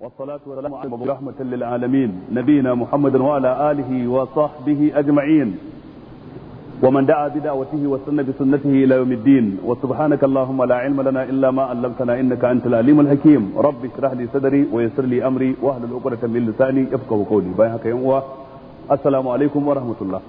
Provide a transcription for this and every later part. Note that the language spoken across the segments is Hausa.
والصلاة والسلام على رحمة للعالمين نبينا محمد وعلى آله وصحبه أجمعين ومن دعا بدعوته وسن بسنته إلى يوم الدين وسبحانك اللهم لا علم لنا إلا ما علمتنا إنك أنت العليم الحكيم رب اشرح لي صدري ويسر لي أمري واحلل عقدة من لساني يفقهوا قولي بايعك يوم السلام عليكم ورحمة الله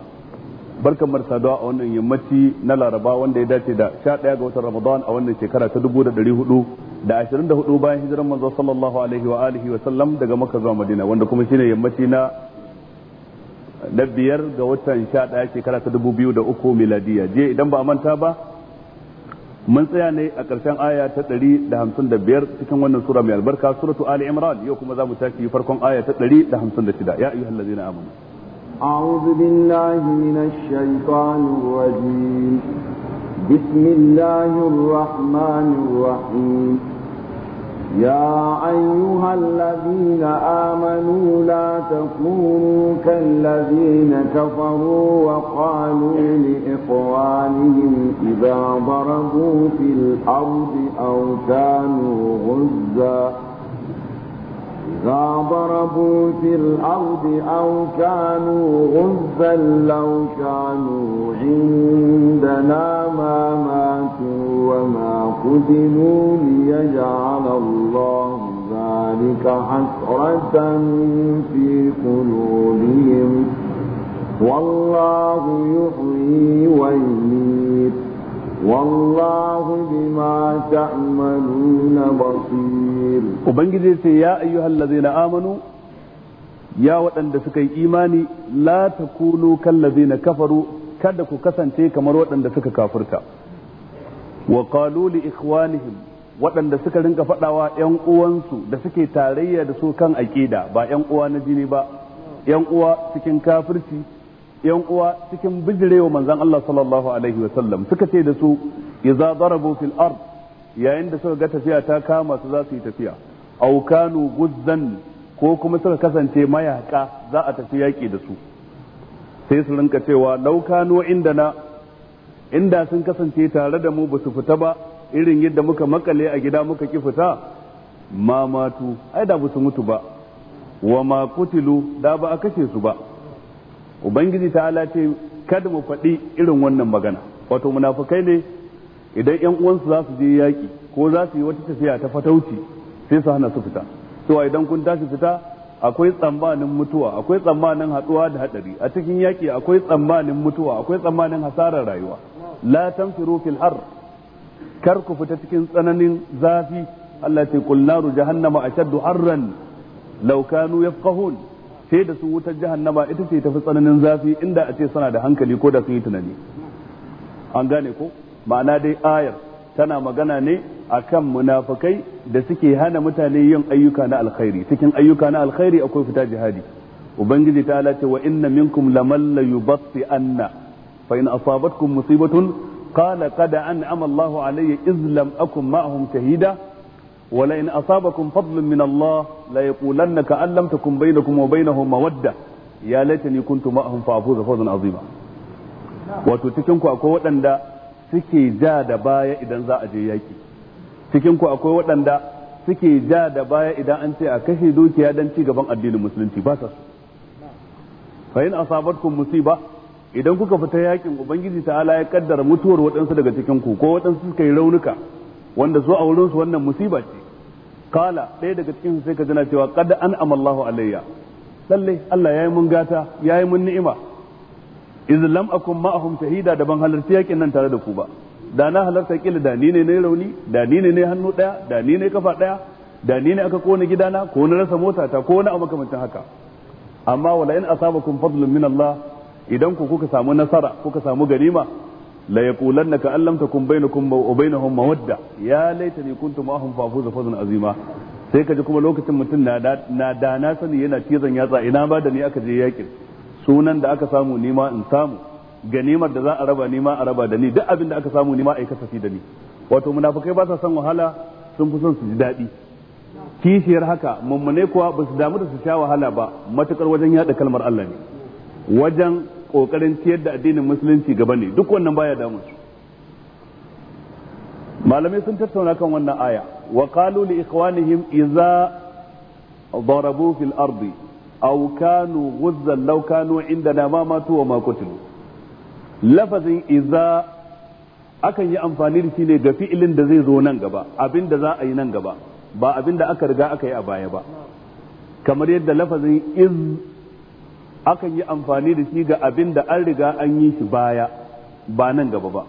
barkan mar saduwa a wannan yammaci na laraba wanda ya dace da 11 ga watan ramadan a wannan shekara ta 1400 da 24 bayan hijiran manzo sallallahu alaihi wa alihi wa sallam daga Makka zuwa Madina wanda kuma shine yammaci na na biyar ga watan 11 shekara ta 2003 miladiya je idan ba a manta ba mun tsaya ne a ƙarshen aya ta ɗari da da hamsin biyar cikin wannan sura mai albarka suratu ali imran yau kuma za mu tashi farkon aya ta ɗari da 156 ya ayyuhal ladzina amanu أعوذ بالله من الشيطان الرجيم بسم الله الرحمن الرحيم يا أيها الذين آمنوا لا تكونوا كالذين كفروا وقالوا لإخوانهم إذا ضربوا في الأرض أو كانوا غزاً ما ضربوا في الأرض أو كانوا غزا لو كانوا عندنا ما ماتوا وما قتلوا ليجعل الله ذلك حسرة في قلوبهم والله يحيي ويميت والله بما تعملون بصير وبنجي يا أيها الذين آمنوا يا وطن دسكي إيماني لا تكونوا كالذين كفروا kada ku kasance kamar waɗanda suka kafurta wa qalu li ikhwanihim waɗanda suka rinka faɗawa ƴan uwansu da suke tarayya da su kan aƙida ba ƴan uwa na jini ba ƴan uwa cikin kafirci yan uwa cikin bijirewa manzon Allah sallallahu alaihi wa sallam suka ce da su idza darabu fil ard yayin da suka ga tafiya ta kama su za su yi tafiya aw kanu guzzan ko kuma suka kasance mayaka za a tafi yaki da su sai su rinka cewa law kanu na. inda sun kasance tare da mu ba su fita ba irin yadda muka makale a gida muka ki fita ma matu ai da ba su mutu ba wa ma kutilu da ba a kashe su ba ubangiji ta ce kada mu faɗi irin wannan magana wato munafukai ne idan yan uwansu za su je yaƙi ko za su yi wata tafiya ta fatauci sai su hana su fita to idan kun tashi fita akwai tsammanin mutuwa akwai tsammanin haɗuwa da haɗari a cikin yaƙi akwai tsammanin mutuwa akwai tsammanin hasarar rayuwa la tanfiru fil har kar ku fita cikin tsananin zafi Allah ce qul naru jahannama ashaddu harran law kanu yafqahun sai da su wutar jahannama ita ce fi tsananin zafi inda a ce suna da hankali ko da sun yi tunani an gane ko ma'ana dai ayar tana magana ne akan munafukai da suke hana mutane yin ayyuka na alkhairi cikin ayyuka na alkhairi akwai fita jihadi ubangiji ta ce wa inna minkum laman la yubatti anna fa in asabatkum musibatun qala qad an'ama Allahu alayya iz lam akum ma'ahum shahida wala in asabakum fadlun min Allah la yaqulanna ka allam takum bainakum wa bainahum mawadda ya laitani kuntu ma'ahum fa afuza fawzan azima wato cikin akwai waɗanda suke ja da baya idan za a je yaki cikin akwai waɗanda suke ja da baya idan an ce a kashe dukiya dan ci gaban addinin musulunci ba sa su musiba idan kuka fita yakin ubangiji ta'ala ya kaddara mutuwar waɗansu daga cikin ku ko waɗansu suka yi raunuka wanda zuwa a wurinsu wannan musiba ce kala ɗaya daga cikin sai ka jana cewa kada an amallahu alayya lalle Allah yayi mun gata yayi mun ni'ima iz lam akun ma'ahum shahida da ban halarci yakin nan tare da ku ba da na halarta kila da ni ne na rauni da ni ne na hannu daya da ni ne kafa daya da ni ne aka kona gidana ko na rasa mota ta ko na makamancin haka amma wala in asabakum fadlun min Allah idan ku kuka samu nasara kuka samu ganima la yaqulanna ka allam takun bainakum wa bainahum mawadda ya laitani kuntu ma'ahum fa fuza fawzan azima sai kaji kuma lokacin mutum na da na sani yana cizon yatsa ina ba da ni aka je yakin sunan da aka samu nima in samu ganimar da za a raba nima a raba da ni duk abin da aka samu nima a yi kasafi da ni wato munafukai ba sa son wahala sun fi son su ji daɗi kishiyar haka mummune kuwa ba su damu da su sha wahala ba matukar wajen yaɗa kalmar Allah ne wajen kokarin ciyar da addinin musulunci gaba ne duk wannan baya damu malamai sun tattauna kan wannan aya wa qalu li ikhwanihim idza darabu fil ardi aw kanu ghuzzan law kanu indana ma matu wa ma kutilu lafazin idza akan yi amfani da shi ne ga fi'ilin da zai zo nan gaba abin da za a yi nan gaba ba abin da aka riga aka yi a baya ba kamar yadda lafazin iz akan yi amfani da shi ga abin da an riga an yi shi baya ba nan gaba ba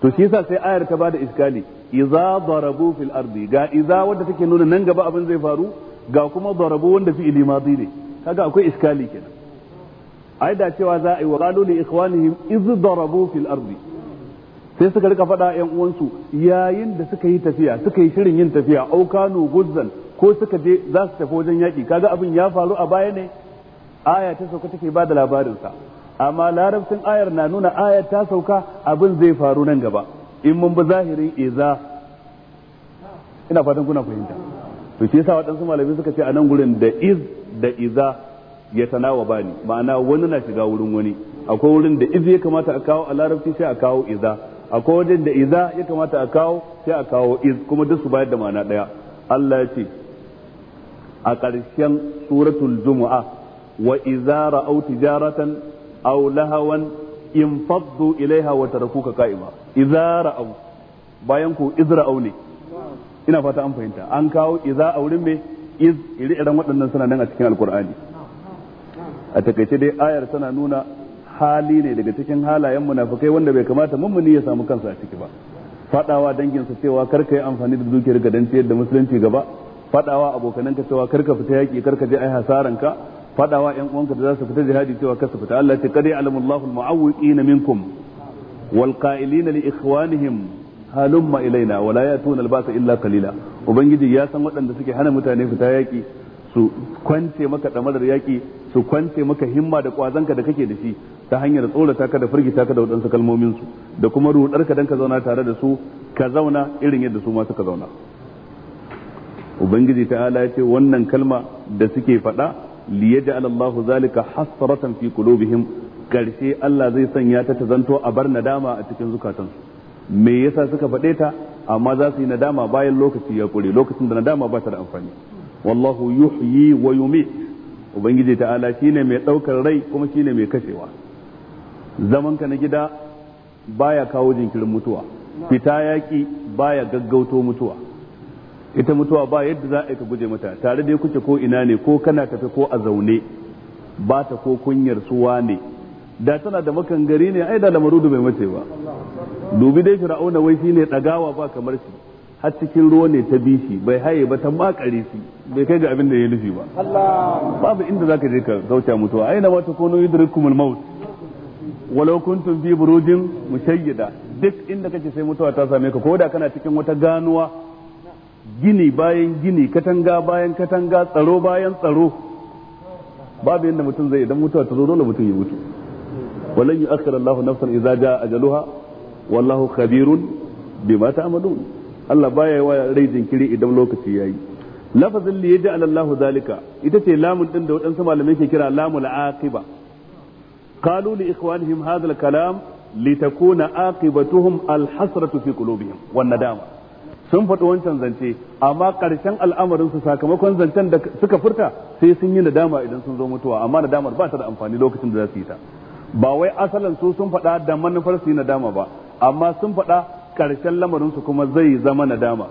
to shi yasa sai ayar ta bada iskali idza darabu fil ardi ga iza wanda take nuna nan gaba abin zai faru ga kuma darabu wanda fi fi'ili madi ne kaga akwai iskali kenan ai da cewa za a yi wa qalu li ikhwanihim iz darabu fil ardi sai suka rika faɗa yan uwansu yayin da suka yi tafiya suka yi shirin yin tafiya au kanu guzzan ko suka je za su tafi wajen yaki kaga abin ya faru a baya ne aya ta sauka take ba da labarinsa amma larabcin ayar na nuna ayar ta sauka abin zai faru nan gaba in mun bi zahirin iza ina fatan kuna fahimta to shi yasa waɗansu malami suka ce a nan gurin da iz da iza ya tanawa bani ma'ana wani na shiga wurin wani akwai wurin da iz ya kamata a kawo a larabci sai a kawo iza akwai wajen da iza ya kamata a kawo sai a kawo iz kuma duk su bayar da ma'ana ɗaya Allah ya ce a ƙarshen suratul jumu'a wa idza ra'aw tijaratan aw lahawan infaddu ilaiha wa tarakuka qa'ima idza bayan ku ne ina fata an fahimta an kawo idza aurin me iz iri irin waɗannan suna nan a cikin alqur'ani a takaice dai ayar tana nuna hali ne daga cikin halayen munafikai wanda bai kamata mummuni ya samu kansa a ciki ba fadawa danginsa cewa kar ka yi amfani da dukiyar ga don ciyar da musulunci gaba fadawa abokananka cewa kar ka fita yaki kar ka je ai hasaran ka fadawa yan uwanka da za su fita jihadi cewa su fita Allah ce kada ya'lamullahu al minkum wal qa'ilina li ikhwanihim halumma ilaina wa la yatuna al-ba'sa illa qalila ubangiji ya san waɗanda suke hana mutane fita yaki su kwance maka damarar yaki su kwance maka himma da kwazanka da kake da shi ta hanyar tsorata ka da firgita ka da waɗansu kalmomin su da kuma rudar ka dan ka zauna tare da su ka zauna irin yadda su ma suka zauna ubangiji ta'ala ya ce wannan kalma da suke faɗa liyaj'al Allahu zalika hasratan fi qulubihim karshe Allah zai sanya ta ta zanto a bar nadama a cikin zukatansu me yasa suka faɗeta? ta amma za su yi nadama bayan lokaci ya kure lokacin da nadama ba ta da amfani wallahu yuhyi wa yumit ubangiji ta'ala shine mai daukar rai kuma shine mai kashewa zaman ka na gida baya kawo jinkirin mutuwa fita yaki baya gaggauto mutuwa ita mutuwa ba yadda za a ka guje mata tare dai kuke ko ina ne ko kana tafi ko a zaune ba ta ko kunyar suwa ne da tana da makan gari ne ai da lamaru da bai mace ba dubi dai fir'auna wai shine dagawa ba kamar shi har cikin ruwa ne ta bishi bai haye ba ta makare shi bai kai ga abin da ya nufi ba babu inda zaka je ka kauce mutuwa aina ma ta kono yudrikumul maut walau kuntum fi burujin mushayyida duk inda kake sai mutuwa ta same ka ko da kana cikin wata ganuwa gini bayan gini katanga bayan katanga tsaro bayan tsaro babu yadda mutum zai idan mutuwa ta zo dole mutum ya mutu walan yu'akhkhir Allahu nafsan idza jaa ajaluha wallahu khabirun bima ta'malun Allah baya yi wa rai jinkiri idan lokaci yayi lafazin li yaj'al Allahu zalika ita ce lamun din da wadansu malamai ke kira lamul aqiba qalu li ikhwanihim hadha al-kalam litakuna aqibatuhum al-hasratu fi qulubihim wan nadama sun faɗi wancan zance amma ƙarshen al'amarin su sakamakon zancen da suka furta sai sun yi nadama idan sun zo mutuwa amma nadamar ba ta da amfani lokacin da za su yi ta ba wai asalin su sun faɗa da manufar su yi nadama ba amma sun faɗa ƙarshen lamarin su kuma zai zama nadama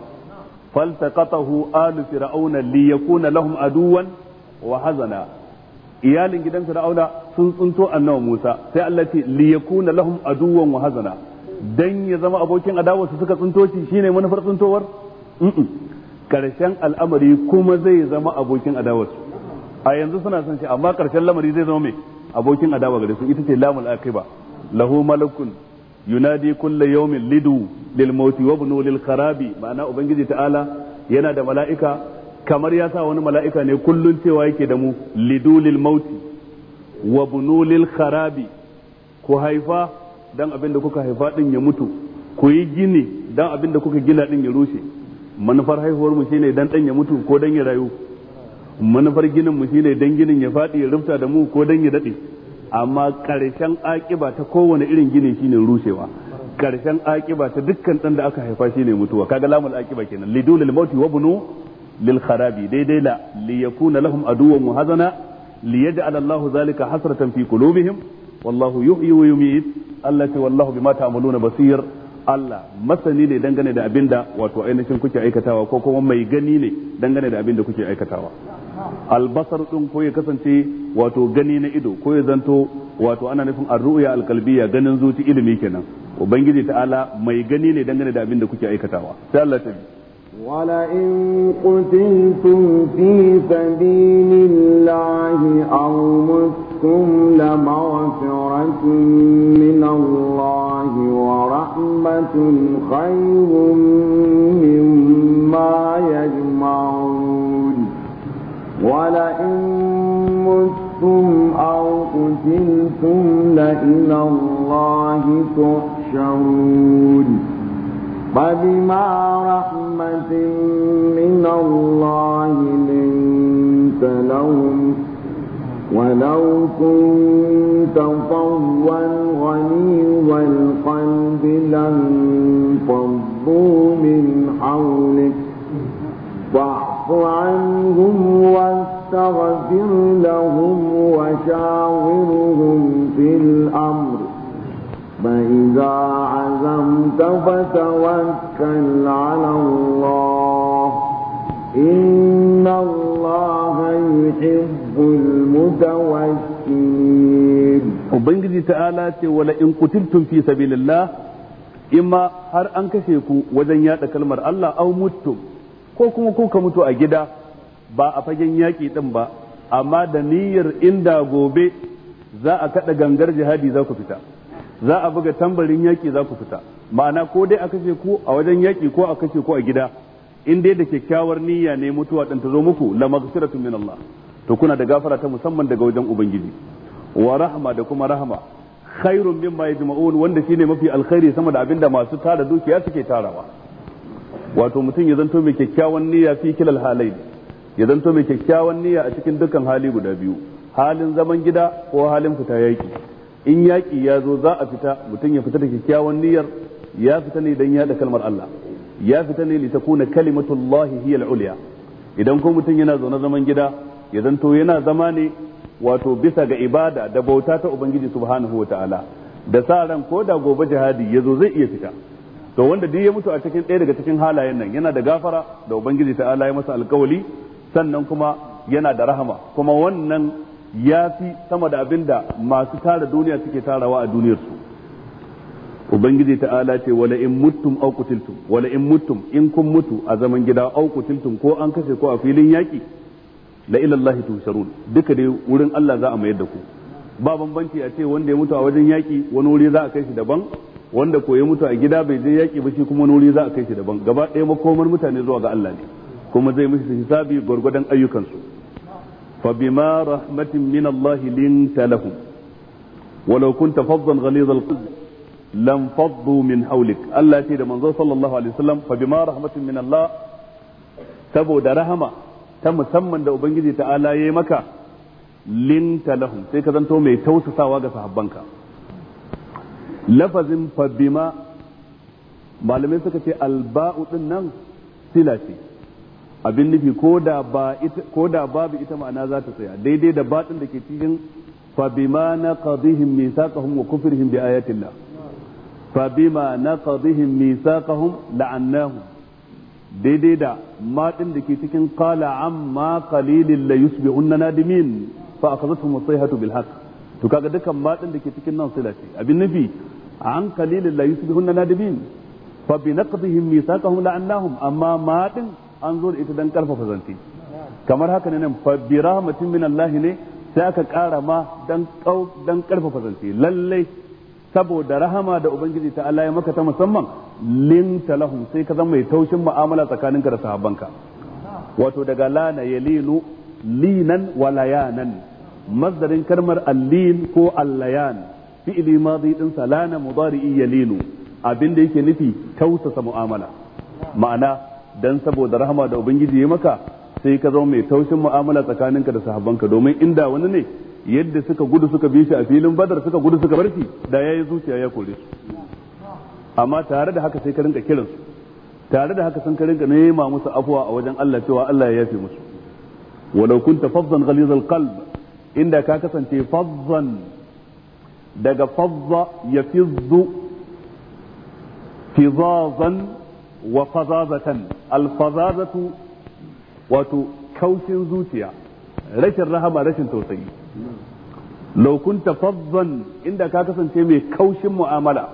faltaqatahu alu fir'auna li yakuna lahum aduwan wa hazana iyalin gidan fir'auna sun tsunto annabi Musa sai Allah ce li yakuna lahum aduwan wa hazana dan ya zama abokin adawa suka tsinto shi shine manufar tsintowar karshen al'amari kuma zai zama abokin adawa a yanzu suna son shi amma karshen lamari zai zama mai abokin adawa gare su ita ce lamul aqiba lahu malakun yunadi kulla yawmin lidu lil mauti wa ibnu lil kharabi ma'ana ubangiji ta'ala yana da mala'ika kamar ya sa wani mala'ika ne kullun cewa yake da mu lidu lil mauti wa ibnu lil kharabi ku haifa dan abin da kuka haifa din ya mutu ku yi gini dan abin da kuka gina din ya rushe manufar haihuwar mu shine dan dan ya mutu ko dan ya rayu manufar ginin mu shine dan ginin ya faɗi ya rufta da mu ko dan ya dade amma karshen akiba ta kowane irin gini shine rushewa karshen akiba ta dukkan dan da aka haifa shine mutuwa kaga lamul akiba kenan lidulil mauti wa bunu lil kharabi daidai la li yakuna lahum aduwwan muhazana. hazana li yaj'al Allahu zalika hasratan fi qulubihim wallahu yuhyi wa Allah ce wallahu bima ta'maluna basir Allah masani ne dangane da abinda wato ainihin kuke aikatawa ko kuma mai gani ne dangane da abinda kuke aikatawa albasar din ko ya kasance wato gani na ido ko ya zanto wato ana nufin arru'ya alqalbiyya ganin zuci ilimi kenan ubangiji ta'ala mai gani ne dangane da abinda kuke aikatawa sai Allah ta ولئن قتلتم في سبيل الله أو متم لمغفرة من الله ورحمة خير مما يجمعون ولئن متم أو قتلتم لإلى الله تحشرون فبما رحمة رحمة من الله لنت لهم ولو كنت فظا غليظ القلب لانفضوا من حولك فاعف عنهم واستغفر لهم وشاورهم في الأمر فإذا عزمت فتوكل على الله إن الله يحب المتوكلين وبنجي ce wala in في سبيل الله إما har an kashe ku wajen yaɗa kalmar Allah au mutum ko kuma kuka mutu a gida ba a fagen yaƙi ɗin ba amma da niyyar inda gobe za a kaɗa gangar jihadi za ku fita za a buga tambarin yaki za ku fita ma'ana ko dai a kashe ku a wajen yaki ko a kashe ku a gida in dai da kyakkyawar niyya ne mutuwa ɗan ta zo muku la maghfiratun min Allah to kuna da gafara ta musamman daga wajen ubangiji wa rahma da kuma rahma khairun mimma yajma'un wanda shine mafi alkhairi sama da abinda masu tara dukiya suke tarawa wato mutum ya zanto mai kyakkyawan niyya fi kilal halai ya zanto mai kyakkyawan niyya a cikin dukkan hali guda biyu halin zaman gida ko halin fita yaki in yaƙi ya zo za a fita mutum ya fita da kyakkyawan niyyar ya fita ne don yaɗa kalmar Allah ya fita ne kalimatun lahi hiya al'uliya idan ko mutum yana zaune zaman gida ya zanto yana zama ne wato bisa ga ibada da bauta ta ubangiji subhanahu wa taala da sa ran ko da gobe jihadi ya zo zai iya fita to wanda duk ya mutu a cikin ɗaya daga cikin halayen nan yana da gafara da ubangiji ta'ala ya masa alƙawali sannan kuma yana da rahama kuma wannan ya fi sama da abin da masu tara duniya suke tarawa a duniyar su. ubangiji ta'ala ce wala in mutum au kutiltum wala in mutum in kun mutu a zaman gida au kutiltum ko an kashe ko a filin yaki la ila Allah tusharun duka dai wurin Allah za a mayar da ku ba bambanci a ce wanda ya mutu a wajen yaki wani wuri za a kai shi daban wanda ko ya mutu a gida bai je yaki ba shi kuma wani wuri za a kai shi daban gaba ɗaya makomar mutane zuwa ga Allah ne kuma zai mishi hisabi gwargwadon ayyukansu فبما رحمة من الله لنت لهم ولو كنت فظا غليظ القلب لانفضوا من حولك الله تيدا منظور صلى الله عليه وسلم فبما رحمة من الله سبو رحمة ta musamman da Ubangiji ta'ala ya maka linta lahum sai ka zanto mai tausasawa ga sahabbanka lafazin fabima malamai suka ce alba'u din nan abin nufi ko da babu ita ma'ana za ta tsaya daidai da batin da ke cikin Fa fabima na qadihim misaqahum wa kufrihim bi ayatillah fabima na qadihim misaqahum la'annahum daidai da matin da ke cikin qala amma qalilin la yusbihunna nadimin fa akhadhatuhum as-sayhatu bil haqq to kaga dukan matin da ke cikin nan sila ce abin nufi an qalilin la yusbihunna nadimin fa bi naqdihim misaqahum la'annahum amma matin an zo da ita dan karfafa zance kamar haka ne nan fa bi rahmatin min Allah ne sai aka ƙara ma dan dan karfafa zance lalle saboda rahama da ubangiji ta Allah ya maka ta musamman linta sai ka zama mai taushin mu'amala tsakaninka da sahabbanka wato daga lana yalinu linan wa layanan masdarin kalmar allin ko allayan fi'li madi din sa lana mudari'i yalinu abin da yake nufi tausasa mu'amala ma'ana dan saboda rahama da ubangiji ya maka sai ka zama mai taushin mu'amala tsakaninka da sahabbanka domin inda wani ne yadda suka gudu suka bi shi a filin badar suka gudu suka shi da yayi zuciya ya kore su amma tare da haka sai ka rinka kiransu tare da haka sun ka rinka nema musu afuwa a wajen Allah cewa Allah ya yafe musu walau kunta fazzan ghaliz alqalb inda ka kasance fazzan daga fazza yafizzu fizazan wa fazazatan alfazazatu wato kaushin zuciya rashin rahama rashin tausayi law kunta inda ka kasance mai kaushin mu'amala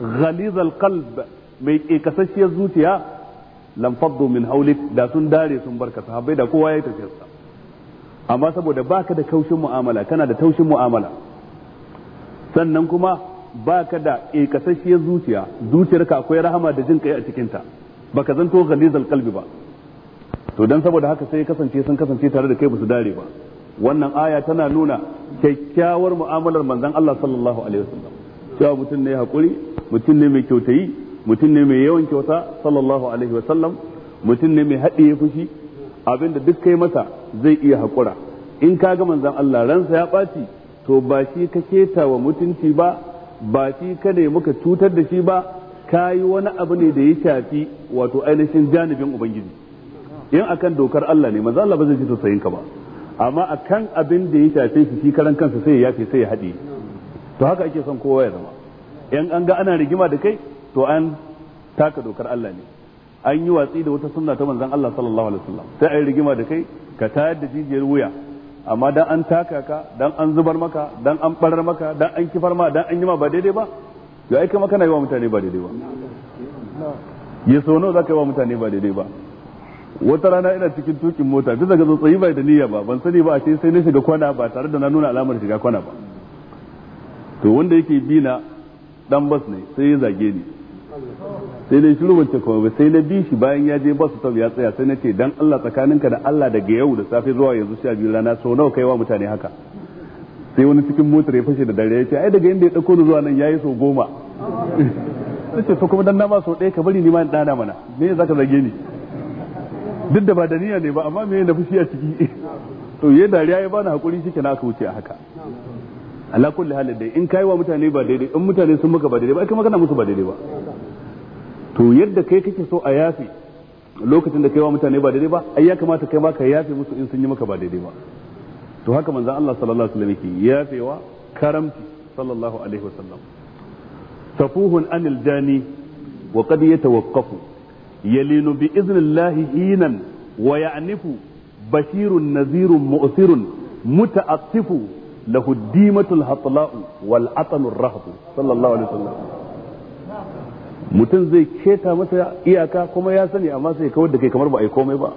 ghalizal qalb mai kekasasshiyar zuciya lam domin min da sun dare sun barka sahabbai da kowa ya tafi sa amma saboda baka da kaushin mu'amala kana da taushin mu'amala sannan kuma baka da ikasasshiyar zuciya zuciyarka akwai rahama da jin kai a cikinta baka zanto ghalizal qalbi ba to dan saboda haka sai kasance sun kasance tare da kai ba su dare ba wannan aya tana nuna kyakkyawar mu'amalar manzon Allah sallallahu alaihi wasallam cewa mutum ne hakuri mutum ne mai kyautayi mutum ne mai yawan kyauta sallallahu alaihi wasallam mutum ne mai ya fushi abinda duk kai masa zai iya hakura in kaga manzon Allah ransa ya ɓaci to ba shi ka keta wa mutunci ba ba shi kada ya muka cutar da shi ba ka yi wani abu ne da ya shafi wato ainihin janibin ubangiji in akan dokar Allah ne maza Allah ba zai ji tausayin ka ba amma akan abin da ya shafi shi shi karan kansa sai ya yafe sai ya haɗe to haka ake son kowa ya zama in an ga ana rigima da kai to an taka dokar Allah ne an yi watsi da wata sunna ta manzon Allah sallallahu alaihi wasallam sai ai rigima da kai ka tayar da jijiyar wuya amma dan an taka ka dan an zubar maka dan an barar maka dan an kifar ma dan an yi ma ba daidai ba ya aika maka na yi wa mutane ba daidai ba ya so nawa zaka yi wa mutane ba daidai ba wata rana ina cikin tukin mota bisa daga tsotsayi bai da niyya ba ban sani ba a ce sai na shiga kwana ba tare da na nuna alamar shiga kwana ba to wanda yake bina na dan bas ne sai ya zage ni sai dai shiru wacce kawai sai na bi shi bayan ya je basu tabi ya tsaya sai na ce dan Allah tsakaninka da Allah daga yau da safe zuwa yanzu sha biyu rana sau nawa kai wa mutane haka sai wani cikin motar ya fashe da dare ya ce ai daga inda ya dauko ni zuwa nan yayi sau goma nace to kuma dan na ba sau ɗaya ka bari ni ma in dana mana me zaka zage ni duk da ba da niyya ne ba amma me na fushi a ciki to ya dariya ya bani hakuri shike na aka wuce a haka ala kulli halin dai in kai wa mutane ba daidai in mutane sun maka ba daidai ba kai magana musu ba daidai ba to yadda kai kake so a yafe lokacin da kai wa mutane ba daidai ba ai ya kamata kai ma ka yafe musu in sun yi maka ba daidai ba to haka manzon Allah sallallahu alaihi wasallam yake yafewa karamti sallallahu alaihi wasallam tafuhun anil jani wa qad yatawaqqafu yalinu bi iznillahi hinan wa ya'nifu bashirun nazirun mu'sirun muta'attifu lahu dimatul hatla'u wal atanur rahbu sallallahu alaihi wasallam mutum zai keta masa iyaka kuma ya sani amma sai kawar da kai kamar ba a yi komai ba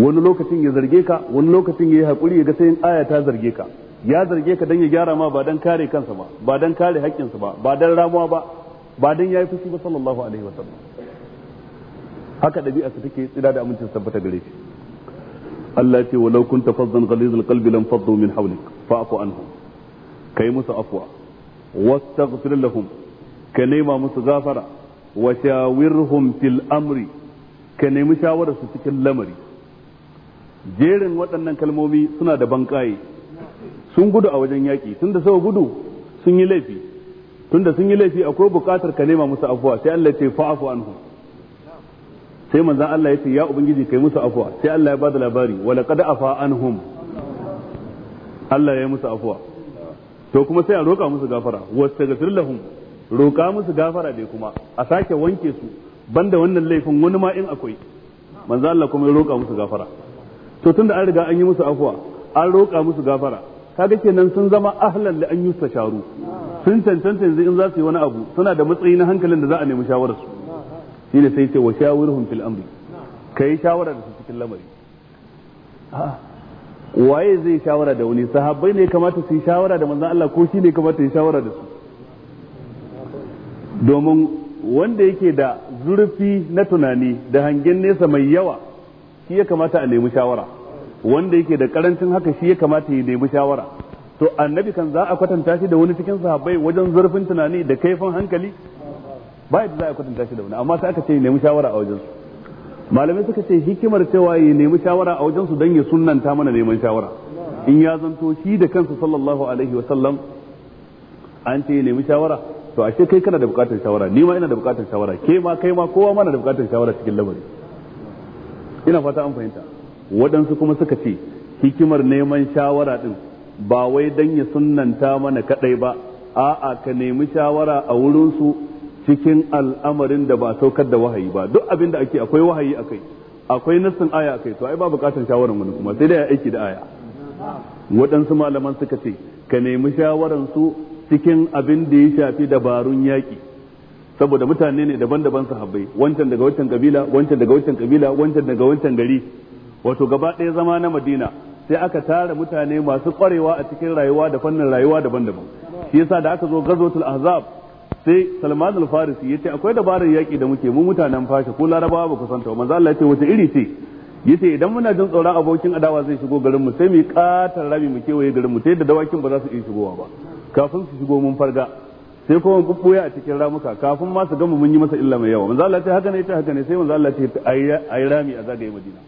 wani lokacin ya zarge ka wani lokacin ya yi haƙuri ya ga sai aya ta zarge ka ya zarge ka don ya gyara ma ba don kare kansa ba ba don kare haƙƙinsa ba ba don ramuwa ba ba don ya yi fushi ba sallallahu alaihi wa sallam haka ɗabi'a su take tsira da amincin tabbata gare shi Allah ce walau kunta tafazzan ghalizul qalbi lam faddu min hawlik fa'fu anhum kai musu afwa wastaghfir lahum ka nema musu gafara wa shawirhum fil amri ka nemi su cikin lamari jerin waɗannan kalmomi suna da banƙaye sun gudu a wajen yaƙi tunda sau gudu sun yi laifi tunda sun yi laifi akwai buƙatar ka nema musu afuwa sai Allah ya ce fa'afu anhu sai manzon Allah ya ce ya ubangiji kai musu afuwa sai Allah ya bada labari wa laqad afa anhum Allah ya yi musu afuwa to kuma sai a roƙa musu gafara wastaghfir lahum roka musu gafara dai kuma a sake wanke su banda wannan laifin wani ma in akwai manzo Allah kuma ya roka musu gafara to tunda an riga an yi musu afwa an roka musu gafara kaga kenan sun zama ahlan da an yi sharu sun tantance yanzu in za su yi wani abu suna da matsayi na hankalin da za a nemi shawarar su shine sai ce wa shawirhum fil amri kai shawara da su cikin lamari waye zai shawara da wani sahabbai ne kamata su yi shawara da manzo Allah ko shi ne kamata su yi shawara da su domin wanda yake da zurfi na tunani da hangen nesa mai yawa shi ya kamata a nemi shawara wanda yake da karancin haka shi ya kamata ya nemi shawara to annabi kan za a kwatanta shi da wani cikin sahabbai wajen zurfin tunani da kaifin hankali ba yadda za a kwatanta shi da wani amma sai aka ce nemi shawara a wajensu malamai suka ce hikimar cewa ya nemi shawara a wajensu don ya sunanta mana neman shawara in ya zanto shi da kansa sallallahu alaihi wasallam an ce ya nemi shawara to ashe kai kana da bukatar shawara ni ma ina da bukatar shawara ke ma kai ma kowa ma na da bukatar shawara cikin lamari ina fata an fahimta waɗansu kuma suka ce hikimar neman shawara din ba wai dan ya sunnanta mana kaɗai ba a'a ka nemi shawara a wurin cikin al'amarin da ba saukar da wahayi ba duk abin da ake akwai wahayi akai akwai nassin aya akai to ai ba bukatar shawaran wani kuma sai dai aiki da aya waɗansu malaman suka ce ka nemi shawaran su cikin abin da ya shafi dabarun yaƙi saboda mutane ne daban-daban sahabbai wancan daga wancan kabila wancan daga wancan kabila wancan daga wancan gari wato gaba ɗaya zama na madina sai aka tara mutane masu ƙwarewa a cikin rayuwa da fannin rayuwa daban-daban shi yasa da aka zo gazotul ahzab sai salman al ya ce akwai dabarar yaƙi da muke mu mutanen fasha ko larabawa ba ku santa manzo Allah yace wace iri ce yace idan muna jin tsoron abokin adawa zai shigo garin mu sai mu katar rabi mu kewaye garin mu ta yadda dawakin ba za su iya shigowa ba kafin su shigo mun farga sai kuma bubbuya a cikin ramuka kafin ma su gama mun yi masa illa mai yawa manzo Allah ce haka ne ta haka ne sai manzo Allah ce ayi rami a zagaye Madina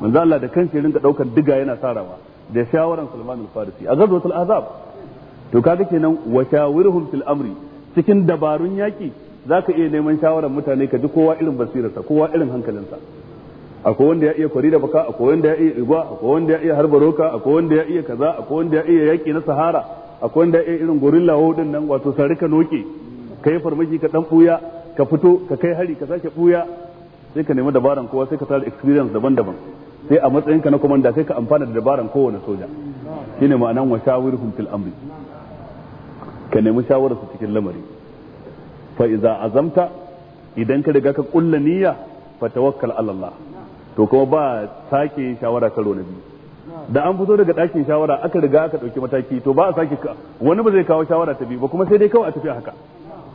manzo Allah da kanshi rinka daukar diga yana sarawa da shawaran Sulman al-Farisi a gazwatul azab to kaga kenan wa shawirhum fil amri cikin dabarun yaki zaka iya neman shawaran mutane ka ji kowa irin basirarsa kowa irin hankalinsa akwai wanda ya iya kwari da baka akwai wanda ya iya igwa akwai wanda ya iya harbaroka akwai wanda ya iya kaza akwai wanda ya iya yaki na sahara akwai wanda ya irin gorilla wodin nan wato sari ka noke ka yi farmaki ka dan buya ka fito ka kai hari ka sake buya sai ka nemi dabaran kowa sai ka tara experience daban-daban sai a matsayin ka na komanda sai ka amfana da dabaran kowane soja shine ma'anan wa shawirhum fil amri ka nemi shawarar su cikin lamari Fa'iza iza azamta idan ka riga ka kulla niyya fa tawakkal ala Allah to kuma ba sake shawara karo na biyu da an fito daga ɗakin shawara aka riga aka ɗauki mataki to ba a sake wani ba zai kawo shawara ta biyu ba kuma sai dai kawai a tafi haka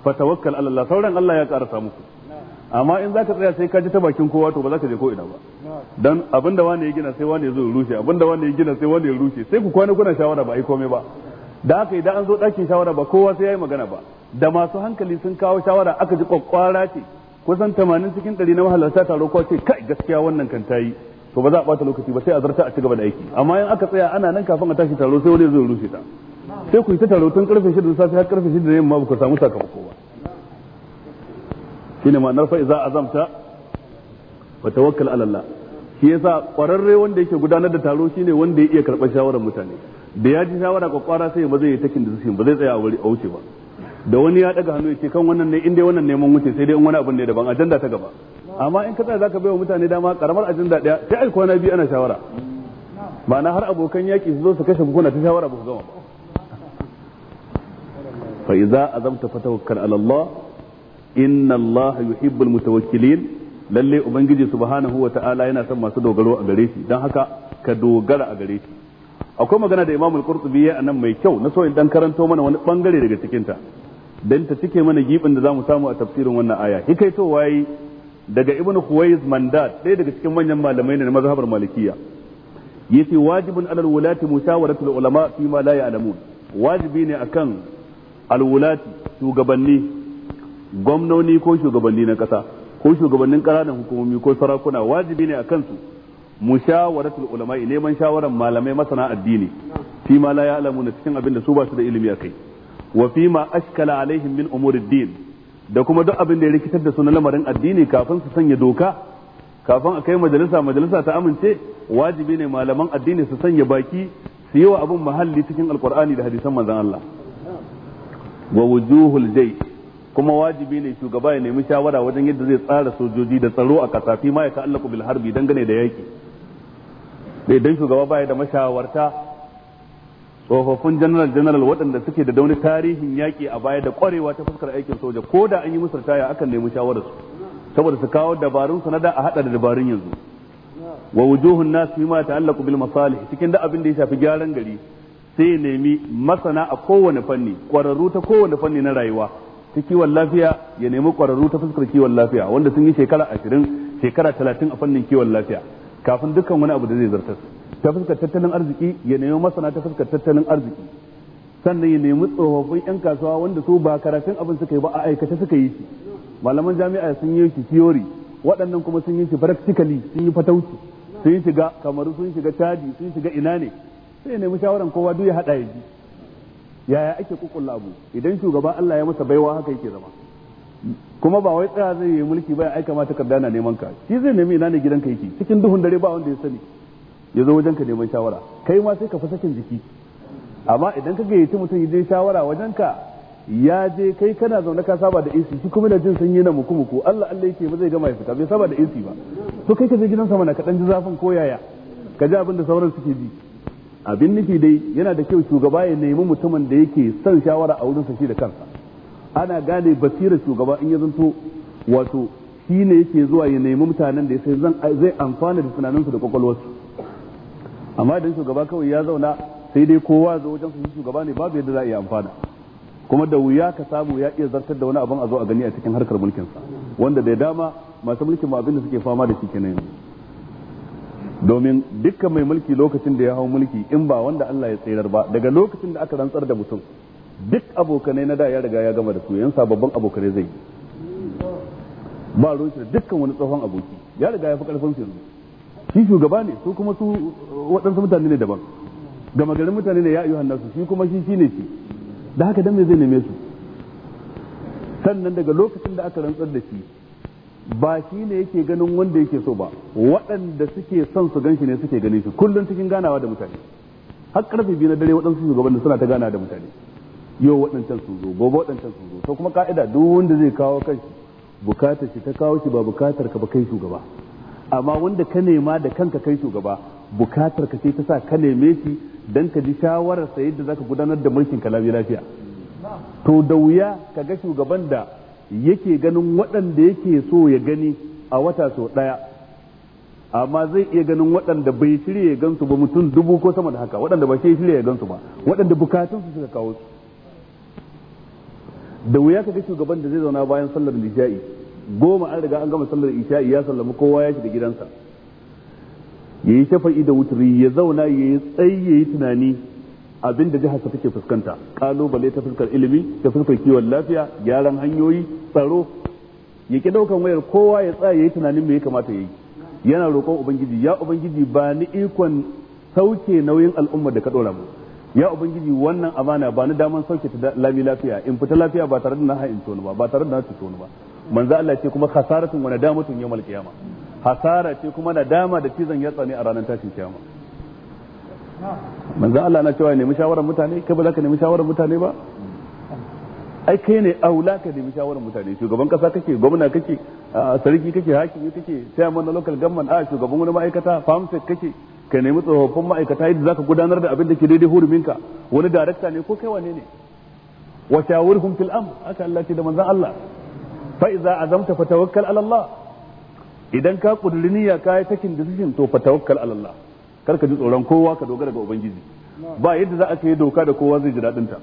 fa tawakkal ala Allah sauran Allah ya karasa muku amma in zaka tsaya sai ka ji ta bakin kowa to ba za ka je ko ina ba dan abinda wani ya gina sai wani ya zo ya rushe abinda wani ya gina sai wani ya rushe sai ku kwana kuna shawara ba ai komai ba da haka idan an zo ɗakin shawara ba kowa sai yayi magana ba da masu hankali sun kawo shawara aka ji kwakwara ce kusan 80 cikin 100 na mahalarta taro ko ce kai gaskiya wannan kan tayi to ba za a bata lokaci ba sai a zarta a ci gaba da aiki amma yan aka tsaya ana nan kafin a tashi taro sai wani zai rushe ta sai ku yi ta taro tun karfe 6 da safe har karfe 6 da yamma ba ku samu sakamako ba shine ma'anar fa iza azamta wa tawakkal ala Allah shi yasa kwararre wanda yake gudanar da taro shine wanda ya iya karɓar shawarar mutane da ya ji shawara kwakwara sai ba zai yi takin da zuciya ba zai tsaya a wuce ba da wani ya daga hannu ya ce kan wannan ne inda wannan neman wuce sai dai wani abun ne daban ajanda ta gaba amma in ka tsaya zaka baiwa mutane dama karamar da daya sai ai kwana biyu ana shawara ma'ana har abokan yaki su zo su kashe kuna ta shawara ba su gama ba fa idza azamta fatawakkal ala Allah inna Allah yuhibbul mutawakkilin lalle ubangiji subhanahu wa ta'ala yana son masu dogaro a gare shi dan haka ka dogara a gare shi akwai magana da imamul Al-Qurtubi ya anan mai kyau na so in dan karanto mana wani bangare daga cikin ta dan ta cike mana gibin da zamu samu a tafsirin wannan aya hikaito wayi daga ibn Kuwaiz mandat ɗaya daga cikin manyan malamai ne na mazhabar malikiya yace wajibun alal wulati mushawaratul ulama fi ma la ya'lamun wajibi ne akan alwulati shugabanni gwamnoni ko shugabanni na kasa ko shugabannin ƙananan hukumomi ko sarakuna wajibi ne akan su mushawaratul ulama neman shawaran malamai masana addini fi ma la ya'lamun cikin abin da su ba su da ilimi akai wa fi ma ashkala alaihim min umuriddin din da kuma duk abin da ya rikitar da su na lamarin addini kafin su sanya doka kafin a kai majalisa majalisa ta amince wajibi ne malaman addini su sanya baki su yi wa abin mahalli cikin alkur'ani da hadisan manzon Allah wa wujuhul jay kuma wajibi ne shugaba ya nemi shawara wajen yadda zai tsara sojoji da tsaro a kasafi ma ya ta'allaku bil harbi dangane da yaki dai dan shugaba baya da mashawarta tsofaffin general general waɗanda suke da dauni tarihin yaƙi a baya da ƙwarewa ta fuskar aikin soja ko da an yi musu taya akan nemi shawararsu saboda su kawo dabarun da a haɗa da dabarun yanzu wa wujuhun nas mimma ta'allaqu bil masalih cikin da abin da ya shafi gyaran gari sai ya nemi masana a kowane fanni ƙwararru ta kowane fanni na rayuwa ta kiwon lafiya ya nemi ƙwararru ta fuskar kiwon lafiya wanda sun yi shekara ashirin shekara talatin a fannin kiwon lafiya kafin dukkan wani abu da zai zartar ta fuskar tattalin arziki ya nemi masana ta fuskar tattalin arziki sannan ya nemi tsofaffin yan kasuwa wanda su ba karatun abin suka yi ba a aikace suka yi shi malaman jami'a sun yi shi theory waɗannan kuma sun yi shi practically sun yi fatauci sun shiga kamaru sun shiga caji sun shiga ina ne sai ya nemi shawaran kowa duk ya haɗa ya ji yaya ake kukulla abu idan shugaban Allah ya masa baiwa haka yake zama kuma ba wai tsaya zai yi mulki ba aika mata ka na neman ka shi zai nemi ina ne ka yake cikin duhun dare ba wanda ya sani ya zo wajen ka neman shawara kai ma sai ka fi sakin jiki amma idan ka gayyaci mutum ya je shawara wajen ka ya je kai kana zaune ka saba da AC shi kuma da jin sanyi na muku muku Allah Allah yake ba zai gama ya fita bai saba da AC ba to kai ka je gidansa mana ka dan ji zafin ko yaya ka ji abin da sauran suke ji abin nufi dai yana da kyau shugaba ya nemi mutumin da yake son shawara a wurin sa shi da kansa ana gane basirar shugaba in ya zanto wato shi ne yake zuwa ya nemi mutanen da ya sai zai amfana da tunaninsu da kwakwalwarsu amma idan shugaba kawai ya zauna sai dai kowa zo wajen su shugaba ne babu yadda za a iya amfana kuma da wuya ka samu ya iya zartar da wani abin a zo a gani a cikin harkar mulkin sa wanda da dama masu mulkin ma abin da suke fama da shi kenan domin dukkan mai mulki lokacin da ya hau mulki in ba wanda Allah ya tsirar ba daga lokacin da aka rantsar da mutum duk abokanai na da ya riga ya gama da su yansa babban abokanai zai ba ruwan shi da dukkan wani tsohon aboki ya riga ya fi karfin su shi shugaba ne su kuma su waɗansu mutane ne daban gama garin mutane ne ya yi hannun su shi kuma shi shine shi da haka dan me zai neme su sannan daga lokacin da aka rantsar da shi ba shi ne yake ganin wanda yake so ba waɗanda suke son su gan shi ne suke ganin shi kullum cikin ganawa da mutane har karfe biyu na dare waɗansu shugabannin suna ta gana da mutane yau waɗancan sun zo gobe waɗancan sun zo to kuma ka'ida duk wanda zai kawo kanshi bukatar shi ta kawo shi ba bukatar ka ba kai shugaba amma wanda ka nema da kanka kai shugaba bukatar ka ce ta sa ka neme shi dan ka ji shawarar sa yadda zaka gudanar da mulkin ka lafiya to da wuya ka ga shugaban da yake ganin waɗanda yake so ya gani a wata sau ɗaya amma zai iya ganin waɗanda bai shirya ya gansu ba mutum dubu ko sama da haka waɗanda ba shi shirya ya gansu ba waɗanda bukatun su suka kawo su da wuya ka ga shugaban da zai zauna bayan sallar isha'i goma an riga an gama sallar isha'i ya sallama kowa ya shiga gidansa ya yi shafa'i da wuturi ya zauna ya yi tsayi ya yi tunani abin da jihar take fuskanta kalubale ta fuskar ilimi ta fuskar kiwon lafiya gyaran hanyoyi tsaro ya ki daukan wayar kowa ya tsaya ya yi tunanin me ya kamata ya yi yana roƙon ubangiji ya ubangiji ba ni ikon sauke nauyin al'umma da ka ɗora mu ya ubangiji wannan amana ba na daman sauke ta lami lafiya in fita lafiya ba tare da na haɗin tonu ba ba tare da na ci cuto ba manzo Allah ce kuma khasaratun wa nadamatun yawmal qiyama hasara ce kuma nadama da cizon ya tsani a ranar tashin kiyama manzo Allah na cewa nemi shawaran mutane kai ba za ka nemi shawaran mutane ba ai kai ne aula ka nemi shawaran mutane shugaban kasa kake gwamna kake sarki kake hakimi kake chairman na local government a shugaban wani ma'aikata farmsec kake ka nemi tsofaffin ma'aikata yadda zaka gudanar da abin da ke daidai huruminka wani darakta ne ko kai wane ne wa shawirhum fil am aka Allah ce da manzon Allah fa iza azamta fatawakkal ala Allah idan ka kuduri niyya ka yi takin decision to fatawakkal ala Allah kar ka ji tsoron kowa ka dogara ga ubangiji ba yadda za a yi doka da kowa zai ji dadin ta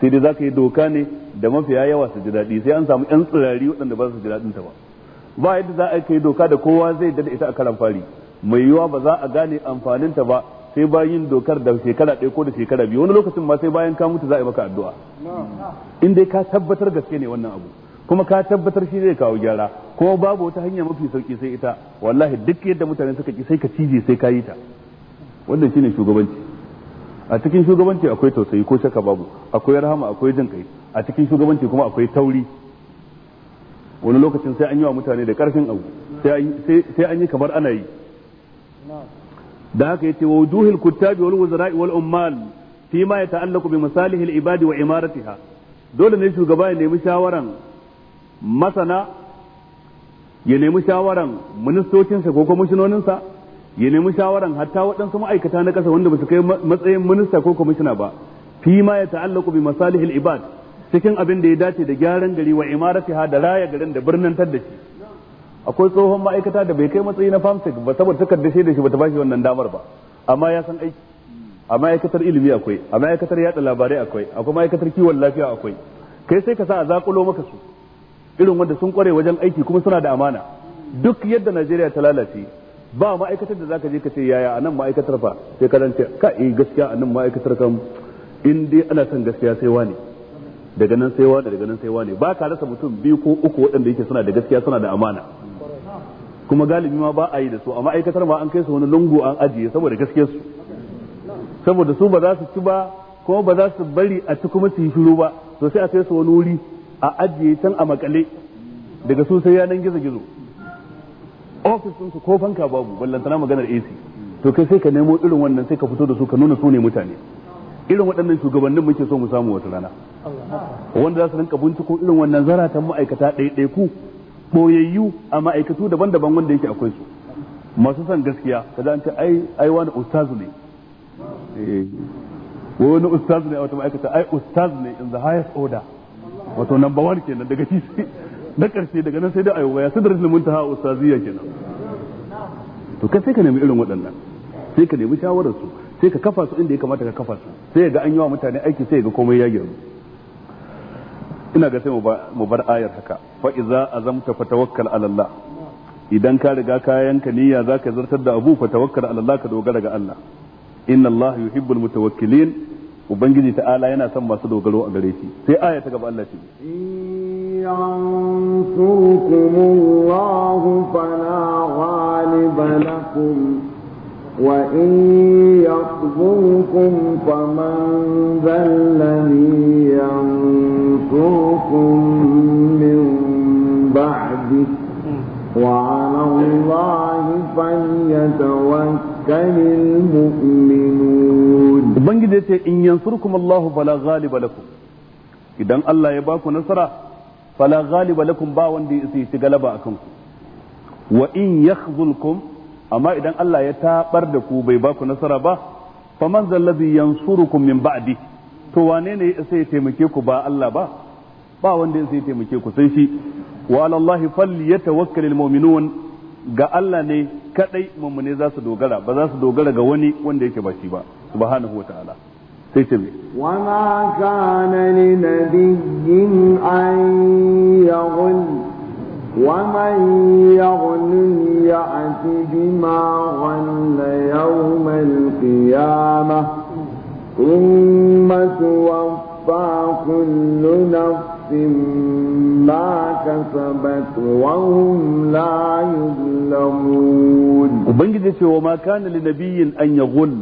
sai dai za ka yi doka ne da mafiya yawa su ji daɗi sai an samu yan tsirari waɗanda ba su ji daɗin ta ba ba yadda za a yi doka da kowa zai dada ita a karan fari mai yiwa ba za a gane amfaninta ba sai bayan dokar da shekara ɗaya ko da shekara biyu wani lokacin ma sai bayan ka mutu za a yi maka addu'a in dai ka tabbatar gaske ne wannan abu kuma ka tabbatar shi zai kawo gyara kuma babu wata hanya mafi sauki sai ita wallahi duk yadda mutane suka ki sai ka cije sai ka yi ta wannan shine shugabanci a cikin shugabanci akwai tausayi ko shaka babu akwai rahama akwai jin kai a cikin shugabanci kuma akwai tauri wani lokacin sai an yi wa mutane da karfin abu sai an yi kamar ana yi da haka yace wujuhul kuttab kuttabi wal wuzara wal ummal fi ma yata'allaqu bi al ibadi wa imaratiha dole ne shugaba ya nemi shawaran masana ya nemi shawaran ministocinsa ko kwamishinoninsa ya nemi shawaran hatta waɗansu ma'aikata na ƙasa wanda ba su kai matsayin minista ko kwamishina ba fi ma ya ta'allaku bi masalihil ibad cikin abin da ya dace da gyaran gari wa imaratiha da raya garin da birnin da shi akwai tsohon ma'aikata da bai kai matsayi na famsik ba saboda takardar shaidar shi bata bashi wannan damar ba amma ya san aiki a ma'aikatar ilimi akwai a ma'aikatar yada labarai akwai akwai ma'aikatar kiwon lafiya akwai kai sai ka sa a zakulo maka su irin wanda sun kware wajen aiki kuma suna da amana duk yadda Najeriya ta lalace ba ma'aikatar da zaka je ka ce yaya anan ma'aikatar fa sai ka dan ce ka eh gaskiya anan ma'aikatar kam in dai ana son gaskiya sai wani daga nan sai wani daga nan sai wani ba ka rasa mutum biyu ko uku waɗanda yake suna da gaskiya suna da amana kuma galibi ma ba a yi da su a ma'aikatar ma an kai su wani lungu an ajiye saboda gaske su saboda su ba za su ci ba kuma ba za su bari a ci kuma su yi shiru ba to sai a kai su wani wuri a ajiye can a makale daga su sai yanan gizo gizo ofis su ko fanka babu ballantana maganar AC to kai sai ka nemo irin wannan sai ka fito da su ka nuna su ne mutane irin waɗannan shugabannin muke so mu samu wata rana wanda za su rinka binciko irin wannan zaratan ma'aikata ɗaiɗaiku boyayyu a ma'aikatu daban-daban wanda yake akwai su masu son gaskiya kaza an ce ai ai wani ustazu ne eh, wani ustaz ne a wata ma'aikata ai ustaz ne in the highest order wato number one kenan daga shi na karshe daga nan sai da ayo ya sadar mun ta ustaziya kenan to kai sai ka nemi irin waɗannan sai ka nemi shawarar su sai ka kafa su inda ya kamata ka kafa su sai ga an yi wa mutane aiki sai ga komai ya girma ina ga sai mu bar ayar haka fa iza azamta fatawakkal ala Allah idan ka riga ka yanka niyya zaka zartar da abu fatawakkal ala Allah ka dogara ga Allah inna Allah yuhibbul mutawakkilin ubangiji ta'ala yana son masu dogaro a gare shi sai aya ta gaba Allah ce ينصركم الله فلا غالب لكم وإن يخذلكم فمن ذا الذي ينصركم يرزقكم من بعده وعلى الله فليتوكل المؤمنون ubangiji ya ce in yansurkum Allah fala ghaliba lakum idan Allah ya baku nasara fala ghaliba lakum ba wanda ya isa galaba akan ku wa in yakhzulkum amma idan Allah ya tabar da ku bai baku nasara ba fa faman zallazi yansurukum min ba'di to wane ne ya sai taimake ku ba Allah ba ba wanda ya sai taimake ku sai shi wa alallahi al mu'minun ga Allah ne kadai mummune za su dogara ba za su dogara ga wani wanda yake ba shi ba subhanahu wa ta'ala sai ce wa ma kana nabiyyin an yaghul ومن يغلل يأت بما غل يوم القيامة ثم توفى كل نفس ما كسبت وهم لا يظلمون وبنجي وما كان لنبي ان يغل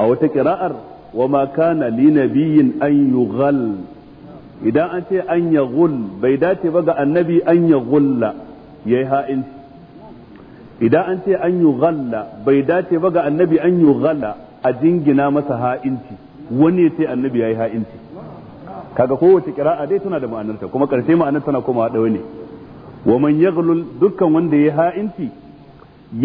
او تكرار وما كان لنبي ان يغل اذا انت ان يغل بيدات بقى النبي ان يغل يا ها انت اذا انت ان يغل بيدات بقى النبي ان يغل a jingina masa ha'inci wani ya ce annabi ya yi ha'inci kaga kowace kira'a dai tana da ma'anarta kuma karshe ma'anar tana koma ɗaya ne wa man yaghlul dukkan wanda ya ha'inci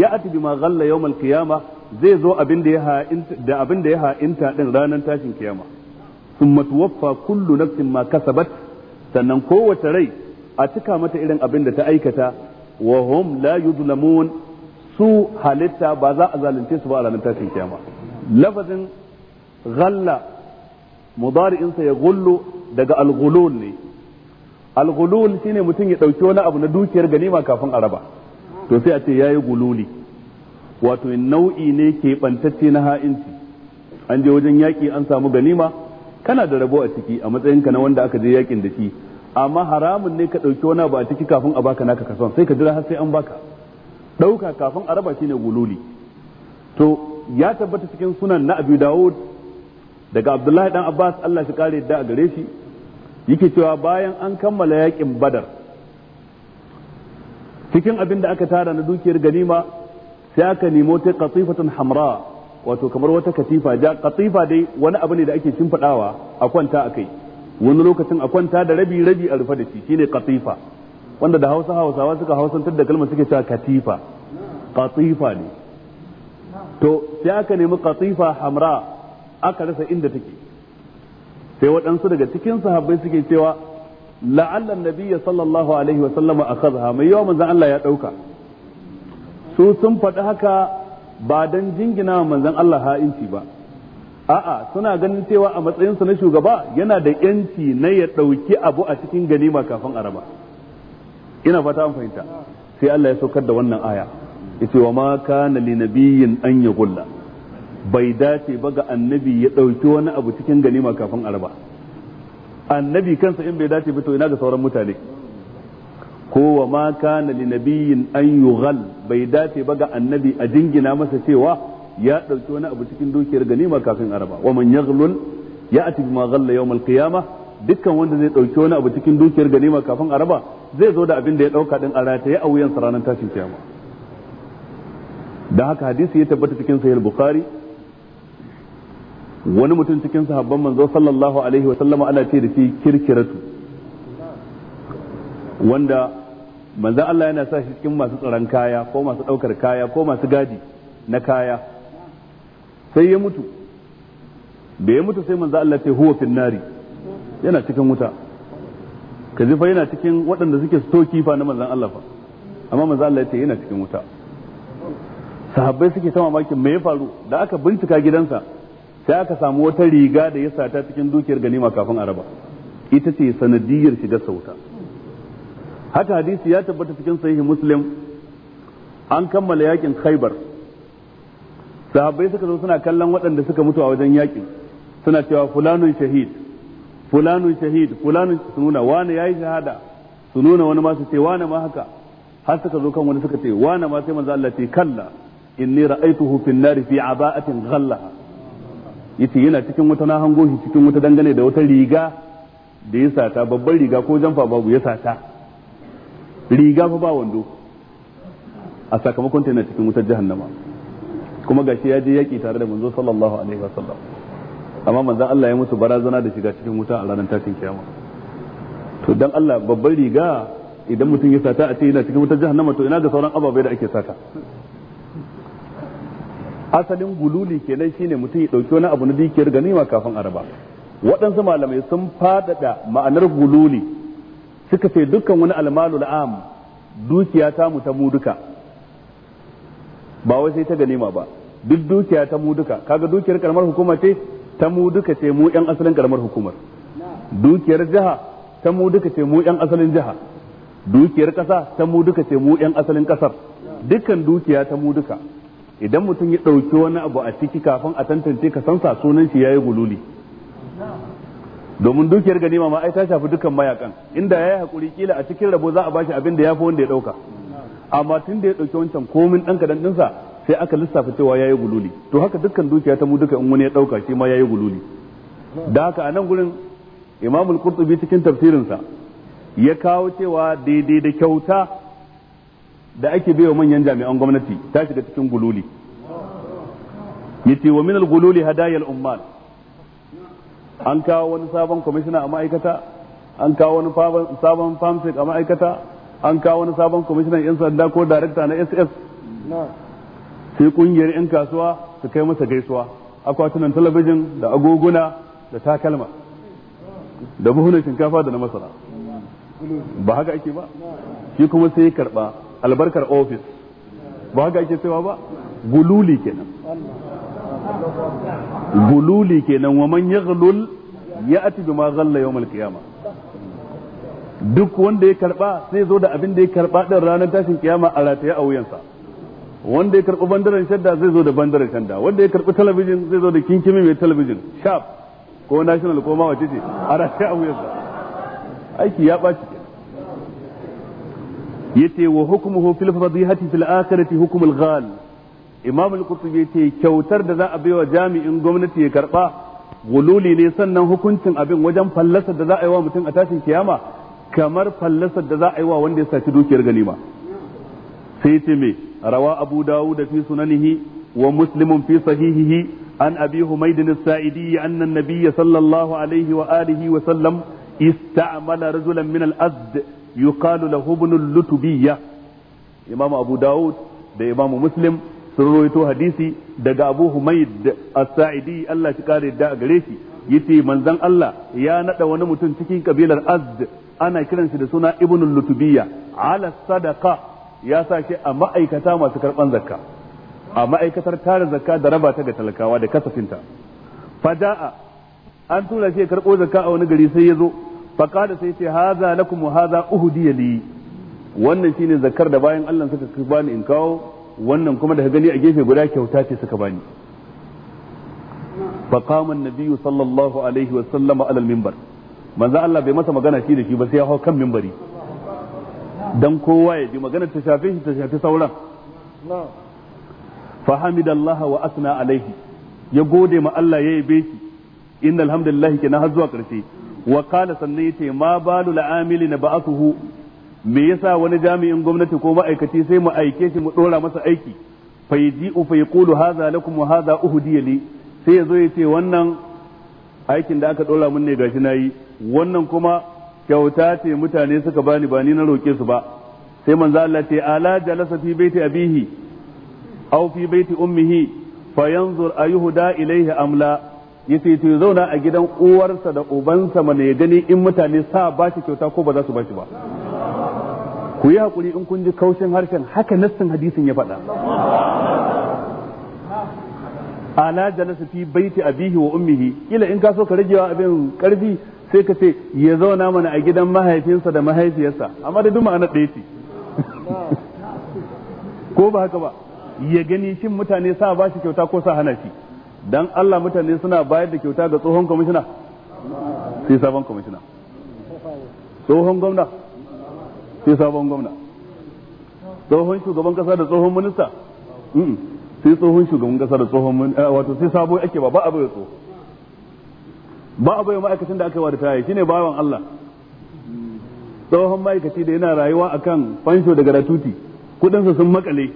ya'ti bima ghalla yawmal qiyamah zai zo abin da ya ha'inta da abin da ya ha'inta din ranar tashin kiyama thumma tuwaffa kullu nafsin ma kasabat sannan kowace rai a cika mata irin abin da ta aikata wa hum la yuzlamun su halitta ba za a zalunce su ba a ranar tashin kiyama lafazin ghalla mudari'insa ya gullu daga alghulul ne alghulul shine mutum ya dauki wani abu na dukiyar ganima kafin a raba to sai a ce yayi gululi wato nau'i ne ke bantacce na ha'inci an je wajen yaki an samu ganima kana da rabo a ciki a matsayinka na wanda aka je yakin da shi amma haramun ne ka dauki wani abu a ciki kafin a baka naka kason sai ka jira har sai an baka dauka kafin a raba shine gululi to ya tabbata cikin sunan na Abi Dawud daga Abdullahi dan Abbas Allah shi kare yadda a gare shi yake cewa bayan an kammala yakin Badar cikin abin da aka tara na dukiyar ganima sai aka nemo ta qatifatan hamra wato kamar wata katifa ja katifa dai wani abu ne da ake shimfidawa a kwanta akai wani lokacin a kwanta da rabi rabi a rufe da shi shine katifa wanda da Hausa Hausawa suka hausantar da kalmar suke cewa katifa katifa ne to sai aka nemi katifa hamra aka rasa inda take sai waɗansu daga cikin sahabbai suke cewa la'allan nabiyya sallallahu alaihi wa sallama akhadha mai yawa manzon Allah ya dauka su sun faɗi haka ba dan jingina manzan Allah ha'inci ba a'a suna ganin cewa a matsayinsa na shugaba yana da yanci na ya ɗauki abu a cikin ganima kafin araba ina fata an fahimta sai Allah ya saukar da wannan aya yace wa ma kana li nabiyyin an yaghulla bai dace ba ga annabi ya dauki wani abu cikin ganima kafin araba annabi kansa in bai dace ba to ina ga sauran mutane ko wa ma kana li nabiyyin an yughal bai dace ba ga annabi a jingina masa cewa ya dauki wani abu cikin dukiyar ganima kafin araba wa man yaghlul ya'ti bima ghalla yawm al-qiyamah dukkan wanda zai dauki wani abu cikin dukiyar ganima kafin araba zai zo da abin da ya dauka din a rataye a wuyan ranar tashin kiyama don haka hadisi ya tabbata cikin sahih bukhari wani mutum cikin sahabban manzo sallallahu alaihi wa sallama ana ce da shi kirkiratu wanda manzo Allah yana sa shi cikin masu tsaron kaya ko masu daukar kaya ko masu gadi na kaya sai ya mutu da ya mutu sai manzo Allah ce huwa fin nari yana cikin wuta kaji fa yana cikin waɗanda suke stoki fa na manzon Allah fa amma manzo Allah ya ce yana cikin wuta sahabbai suke ta mamakin me ya faru da aka bincika gidansa sai aka samu wata riga da ya sata cikin dukiyar ganima kafin araba ita ce sanadiyar shiga sauta haka hadisi ya tabbata cikin sahihi muslim an kammala yakin khaybar sahabbai suka zo suna kallon waɗanda suka mutu a wajen yakin suna cewa fulanun shahid fulanun shahid fulanun su nuna wani yayi shahada su nuna wani ma su ce wani ma haka har suka zo kan wani suka ce wani ma sai manzo Allah ce kalla inni ra'aytuhu an nari fi aba'atin ghallaha yace yana cikin wata na hango shi cikin wata dangane da wata riga da ya sata babban riga ko jamfa babu ya sata riga fa ba wando a sakamakon ta yana cikin wutar jahannama kuma gashi ya je yaki tare da manzo sallallahu alaihi wasallam amma manzo Allah ya musu barazana da shiga cikin wuta a ranar tashin kiyama to dan Allah babban riga idan mutum ya sata a ce yana cikin wutar jahannama to ina ga sauran ababai da ake sata asalin gululi kenan shine mutum ya dauki wani abu na dukiyar ganima kafin araba waɗansu malamai sun faɗaɗa ma'anar gululi suka ce dukkan wani almalul am dukiya ta mu ta mu duka ba wai sai ta ganima ba duk dukiya ta mu duka kaga dukiyar karamar hukuma ce ta mu duka ce mu yan asalin karamar hukumar dukiyar jiha ta mu duka ce mu yan asalin jiha dukiyar kasa ta mu duka ce mu yan asalin kasar dukkan dukiya ta mu duka idan mutum ya ɗauki wani abu a ciki kafin a tantance ka san sunan shi yayi gululi domin dukiyar ganima ma ai ta shafi dukkan mayakan inda yayi hakuri kila a cikin rabo za a bashi abin da yafi wanda ya ɗauka. amma tun da ya ɗauki wancan komin ɗan kadan ɗinsa sai aka lissafa cewa yayi gululi to haka dukkan dukiya ta mu duka in wani ya ɗauka shi ma yayi gululi da haka a nan gurin imamul al-Qurtubi cikin tafsirinsa ya kawo cewa daidai da kyauta da ake baiwa manyan jami'an gwamnati ta shiga cikin gululi yace wa min al-gululi hadayal ummal an kawo wani sabon kwamishina a ma'aikata an kawo wani sabon famsik a ma'aikata an kawo wani sabon kwamishinan yan sanda ko darakta na ss sai kungiyar yan kasuwa su kai masa gaisuwa akwatunan talabijin da agoguna da takalma da buhunan shinkafa da na masara ba haka ake ba shi kuma sai ya karba albarkar ofis ba haka ake cewa ba gululi kenan gululi kenan wa man yaghlul ya'ti bima ghalla yawm al-qiyama duk wanda ya karba sai zo da abin da ya karba din ranar tashin kiyama a rataye a wuyansa wanda ya karbi bandaran shadda zai zo da bandaran shadda wanda ya karbi talabijin zai zo da kinkimi mai talabijin sharp ko national ko ma wace ce a rataye a wuyansa aiki ya ɓaci yace wa hukmuhu fil fadihati fil akhirati hukmul ghal imam al-qurtubi yace kyautar da za a baiwa jami'in gwamnati ya karba gululi ne sannan hukuncin abin wajen fallasar da za a yi wa mutum a tashin kiyama kamar fallasar da za a yi wa wanda ya saci dukiyar ganima sai ce me rawa abu dawud fi sunanihi wa muslimun fi sahihihi an abi humayd as-sa'idi anna an-nabiy sallallahu alaihi wa alihi wa sallam ista'mala rajulan min al-azd yuqalu lahu ibnul imam abu Dawud da imam muslim sun roito hadisi daga abu humayd as-sa'idi Allah shi kare da gare shi ce manzon Allah ya naɗa wani mutum cikin kabilar azd ana kiran shi da suna ibnul lutubiyya ala sadaka ya sa a ma'aikata masu karban zakka a ma'aikatar tara zakka da raba ta ga talakawa da kasafinta fada'a an tura shi ya karbo zakka a wani gari sai ya zo faqala sai ce haza lakum wa haza uhdiya li wannan shine zakar da bayan Allah suka bani in kawo wannan kuma da gani a gefe guda kyauta ce suka bani فقام النبي صلى الله عليه وسلم على المنبر manzo Allah bai masa magana shi da shi ba sai ya hau kan minbari dan kowa ya ji magana ta shafe shi ta shafe sauran fa hamidallaha wa asna alaihi ya gode ma Allah ya yabe shi innal hamdalillah kenan har zuwa karshe wa qala sannan yace ma balu al'amili na ba'athuhu me yasa wani jami'in gwamnati ko ma'aikaci sai mu aike shi mu dora masa aiki fa yaji'u fa yaqulu hadha lakum wa hadha uhdiya li sai yazo yace wannan aikin da aka dora mun ne gashi nayi wannan kuma kyauta ce mutane suka bani bani na roke su ba sai manzo Allah ce ala jalasa fi baiti abihi aw fi baiti ummihi fayanzur ayuhda ilayhi amla yace to ya zauna a gidan uwarsa da ubansa mana ya gani in mutane sa ba shi kyauta ko ba za su ba shi ba ku yi hakuri in kun ji kaushin harshen haka nassin hadisin ya faɗa ala jalasa fi baiti abihi wa ummihi kila in ka so ka wa abin karfi sai ka ce ya zauna mana a gidan mahaifinsa da mahaifiyarsa amma da duma ana ɗaya ce ko ba haka ba ya gani shin mutane sa ba shi kyauta ko sa hana shi dan Allah mutane suna bayar da kyauta ga tsohon kwamishina sai sabon kwamishina tsohon gwamna sai sabon gwamna tsohon shugaban kasa da tsohon minista sai tsohon shugaban kasa da tsohon minista eh, wato sai sabo ake ba ba a bai tsoho ba a bai ma'aikacin da aka yi wa da tayi shine bawan Allah tsohon ma'aikaci da yana rayuwa akan fansho daga ratuti kudinsa sun makale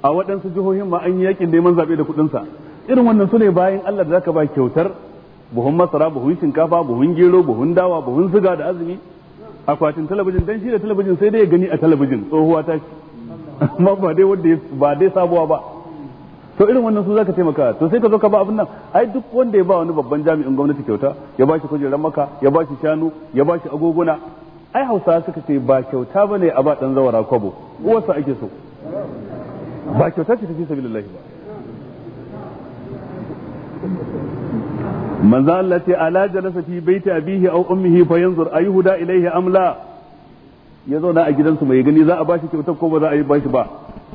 a waɗansu jihohin ma an yi yakin neman zaɓe da kudinsa irin wannan su ne bayan Allah da zaka ba kyautar buhun masara buhun shinkafa buhun gero buhun dawa buhun siga da azumi akwatin talabijin dan shi da talabijin sai dai ya gani a talabijin tsohuwa ta shi amma ba dai wanda ba dai sabuwa ba to irin wannan su zaka taimaka to sai ka zo ka ba abin nan ai duk wanda ya ba wani babban jami'in gwamnati kyauta ya ba shi kujerar maka ya ba shi shanu ya ba shi agoguna ai hausa suka ce ba kyauta bane a ba dan zawara kwabo uwarsa ake so ba kyauta ce ta fi sabilillahi ba manzo Allah ce ala jalasa fi baiti abihi aw ummihi fa yanzur ayuhda ilayhi am la ya zauna a gidansu mai gani za a bashi kyautar ko ba za a yi bashi ba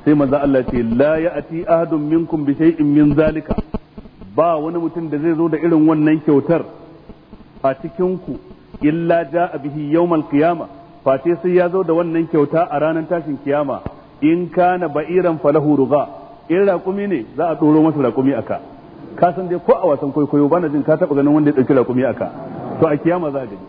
sai manzo Allah ce la ya'ti ahadun minkum bi shay'in min zalika ba wani mutum da zai zo da irin wannan kyautar a cikin ku illa ja'a bihi yawmal qiyama fate sai ya zo da wannan kyauta a ranar tashin kiyama in kana ba'iran falahu ruga in raƙumi ne za a ɗoro masa raƙumi aka ka san dai ko a wasan kwaikwayo bana jin ka taba ganin wanda ya dauki lakumi aka to a kiyama za a gani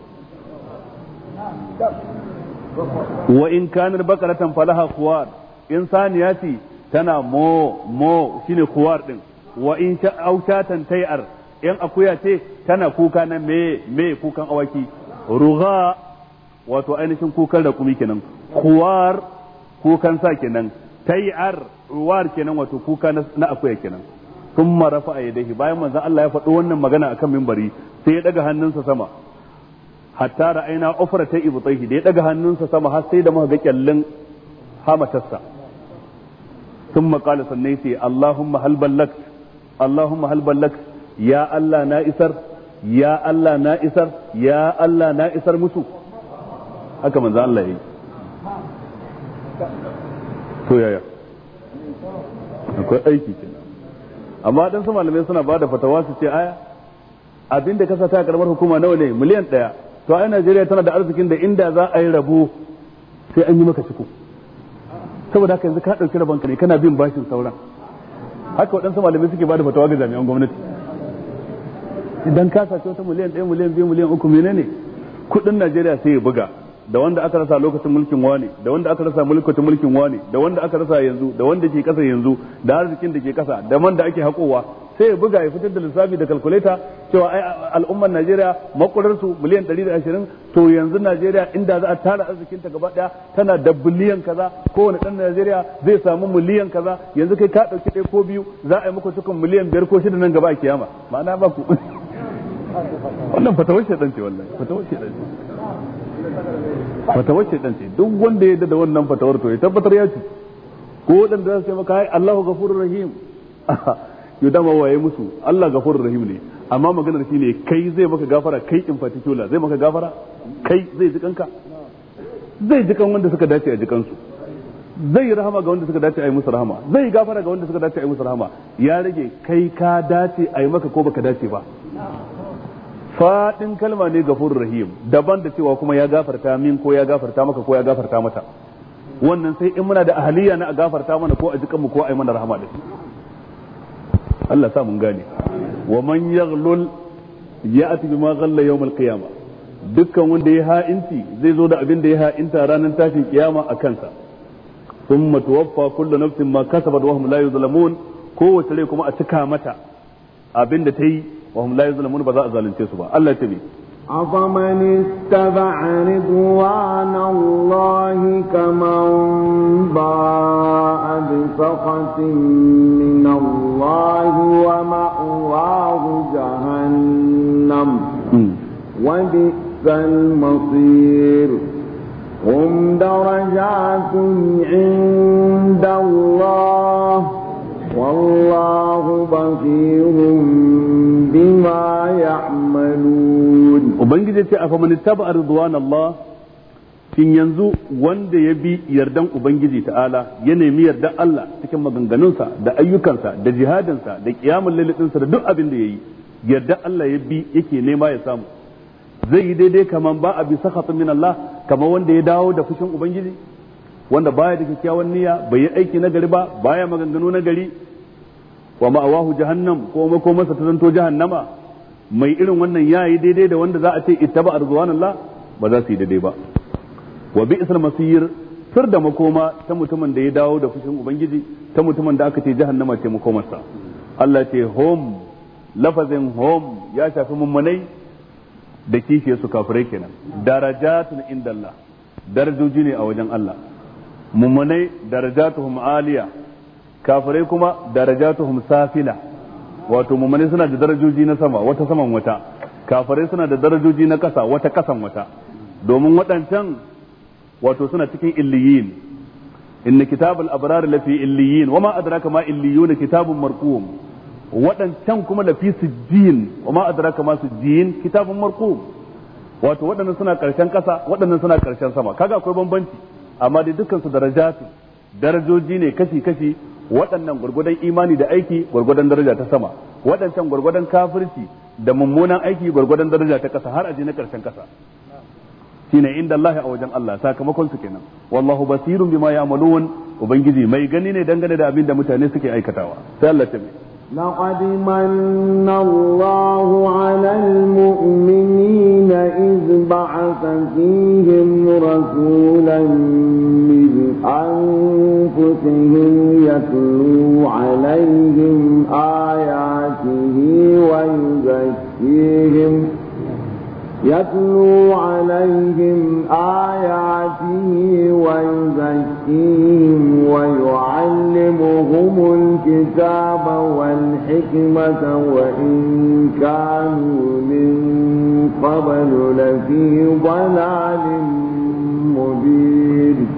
wa in kanar bakaratan falaha kuwar in saniya ce tana mo mo shine kuwar din wa in autatan tayar in akuya ce tana kuka na me me kukan awaki ruga wato ainihin kukan da kuma kenan kuwar kukan sa kenan tayar ruwar kenan wato kuka na akuya kenan thumma rafa'a yadayhi bayan manzan Allah ya faɗo wannan magana akan mimbari sai ya daga hannunsa sama hatta ta ibu ibtayhi da ya daga hannunsa sama har sai da muka ga kyallin hamatarsa sun maƙala sannan sai Allahumma hal ballakt Allahumma hal ballakt ya Allah na isar ya Allah na isar ya Allah na isar musu haka manzan Allah yi. to yaya akwai aiki kenan amma dan su malamai suna ba da fatawa su ce aya abin da kasa ta karamar hukuma nawa ne miliyan ɗaya to ai Najeriya tana da arzikin da inda za a yi rabo sai an yi maka ciko saboda haka yanzu ka ɗauki rabon ka ne kana bin bashin sauran haka waɗansu malamai suke ba da fatawa ga jami'an gwamnati idan ka sace wata miliyan ɗaya miliyan biyu miliyan uku menene kuɗin Najeriya sai ya buga da wanda aka rasa lokacin mulkin wani da wanda aka rasa mulkin mulkin wani da wanda aka rasa yanzu da wanda ke kasa yanzu da arzikin da ke kasa da man da ake hakowa sai ya buga ya fitar da lissafi da kalkuleta cewa ai al'ummar Najeriya makurar su miliyan 120 to yanzu Najeriya inda za a tara arzikin ta gaba daya tana da biliyan kaza kowane dan Najeriya zai samu miliyan kaza yanzu kai ka dauki dai ko biyu za a yi muku cikin miliyan biyar ko shida nan gaba a kiyama ma'ana ba ku wannan fatawar shedan ce wallahi fatawar shedan ce fatawar dan ce duk wanda ya da wannan fatawar to ya tabbatar ya ci ko da za su maka ai Allahu ghafurur rahim yau dama waye musu Allah ghafurur rahim ne amma maganar shi ne kai zai maka gafara kai in particular zai maka gafara kai zai ji kanka zai ji kan wanda suka dace a jikansu zai rahama ga wanda suka dace a yi musu rahama zai gafara ga wanda suka dace a yi musu rahama ya rage kai ka dace a yi maka ko baka dace ba Faɗin kalma ne gafur rahim daban da cewa kuma ya gafarta min ko ya gafarta maka ko ya gafarta mata wannan sai in muna da ahaliya na a gafarta mana ko a jikan mu ko a yi mana rahama da shi Allah sa mun gane wa man yaghlul ya'ti bima ghalla yawm al-qiyamah dukkan wanda ya ha'inci zai zo da abin da ya ha'inta ranar tashin kiyama a kansa thumma tuwaffa kullu nafsin ma kasabat wa hum la yuzlamun kowace rai kuma a cika mata abin da ta yi وهم لا يظلمون بذاء ظالمتي سبا الله تبي أفمن اتبع رضوان الله كمن باء بسخط من الله ومأواه جهنم وبئس المصير هم درجات عند الله والله بصير bima ya'malun ubangiji ce a faman taba ridwan Allah shin yanzu wanda ya bi yardan ubangiji ta'ala ya nemi yardan Allah cikin maganganunsa da ayyukansa da jihadinsa da kiyamun lalitinsa da duk abin da yi yardan Allah ya bi yake nema ya samu zai yi daidai kamar ba a bi sakhatun min Allah kaman wanda ya dawo da fushin ubangiji wanda baya da kyakkyawan niyya bai yi aiki na gari ba baya maganganu na gari wa ma'awahu jahannam ko makomarsa ta zanto jahannama mai irin wannan yayi daidai da wanda za a ce ittaba arzuwanallah ba za su yi daidai ba wa bi'sal masir sir da makoma ta mutumin da ya dawo da fushin ubangiji ta mutumin da aka ce jahannama ce makomarsa Allah ce hom lafazin hom ya shafi mummunai da kishiyar su kafirai kenan darajatun indallah darajoji ne a wajen Allah mummunai darajatuhum aliyah kafirai kuma darajatuhum safila wato mummune suna da darajoji na sama wata saman wata kafirai suna da darajoji na kasa wata kasan wata domin waɗancan wato suna cikin illiyin inna kitabul abrar lafi illiyin wama adraka ma illiyun kitabun marqum waɗancan kuma lafi sijjin wama adraka ma sijjin kitabun marqum wato waɗannan suna karshen kasa waɗannan suna karshen sama kaga akwai bambanci amma dai dukkan su darajatu darajoji ne kashi kashi waɗannan gwargwadon imani da aiki gwargwadon daraja ta sama waɗancan gwargwadon kafirci da mummunan aiki gwargwadon daraja ta ƙasa har aje na ƙarshen ƙasa shine inda Allah a wajen Allah sakamakon su kenan wallahu basirun bima ya'malun ubangiji mai gani ne dangane da abin da mutane suke aikatawa sai Allah ta لقد من الله على المؤمنين إذ بعث فيهم رسولا أنفسهم يتلو عليهم آياته ويزكيهم يتلو عليهم آياته ويزكيهم ويعلمهم الكتاب والحكمة وإن كانوا من قبل لفي ضلال مبين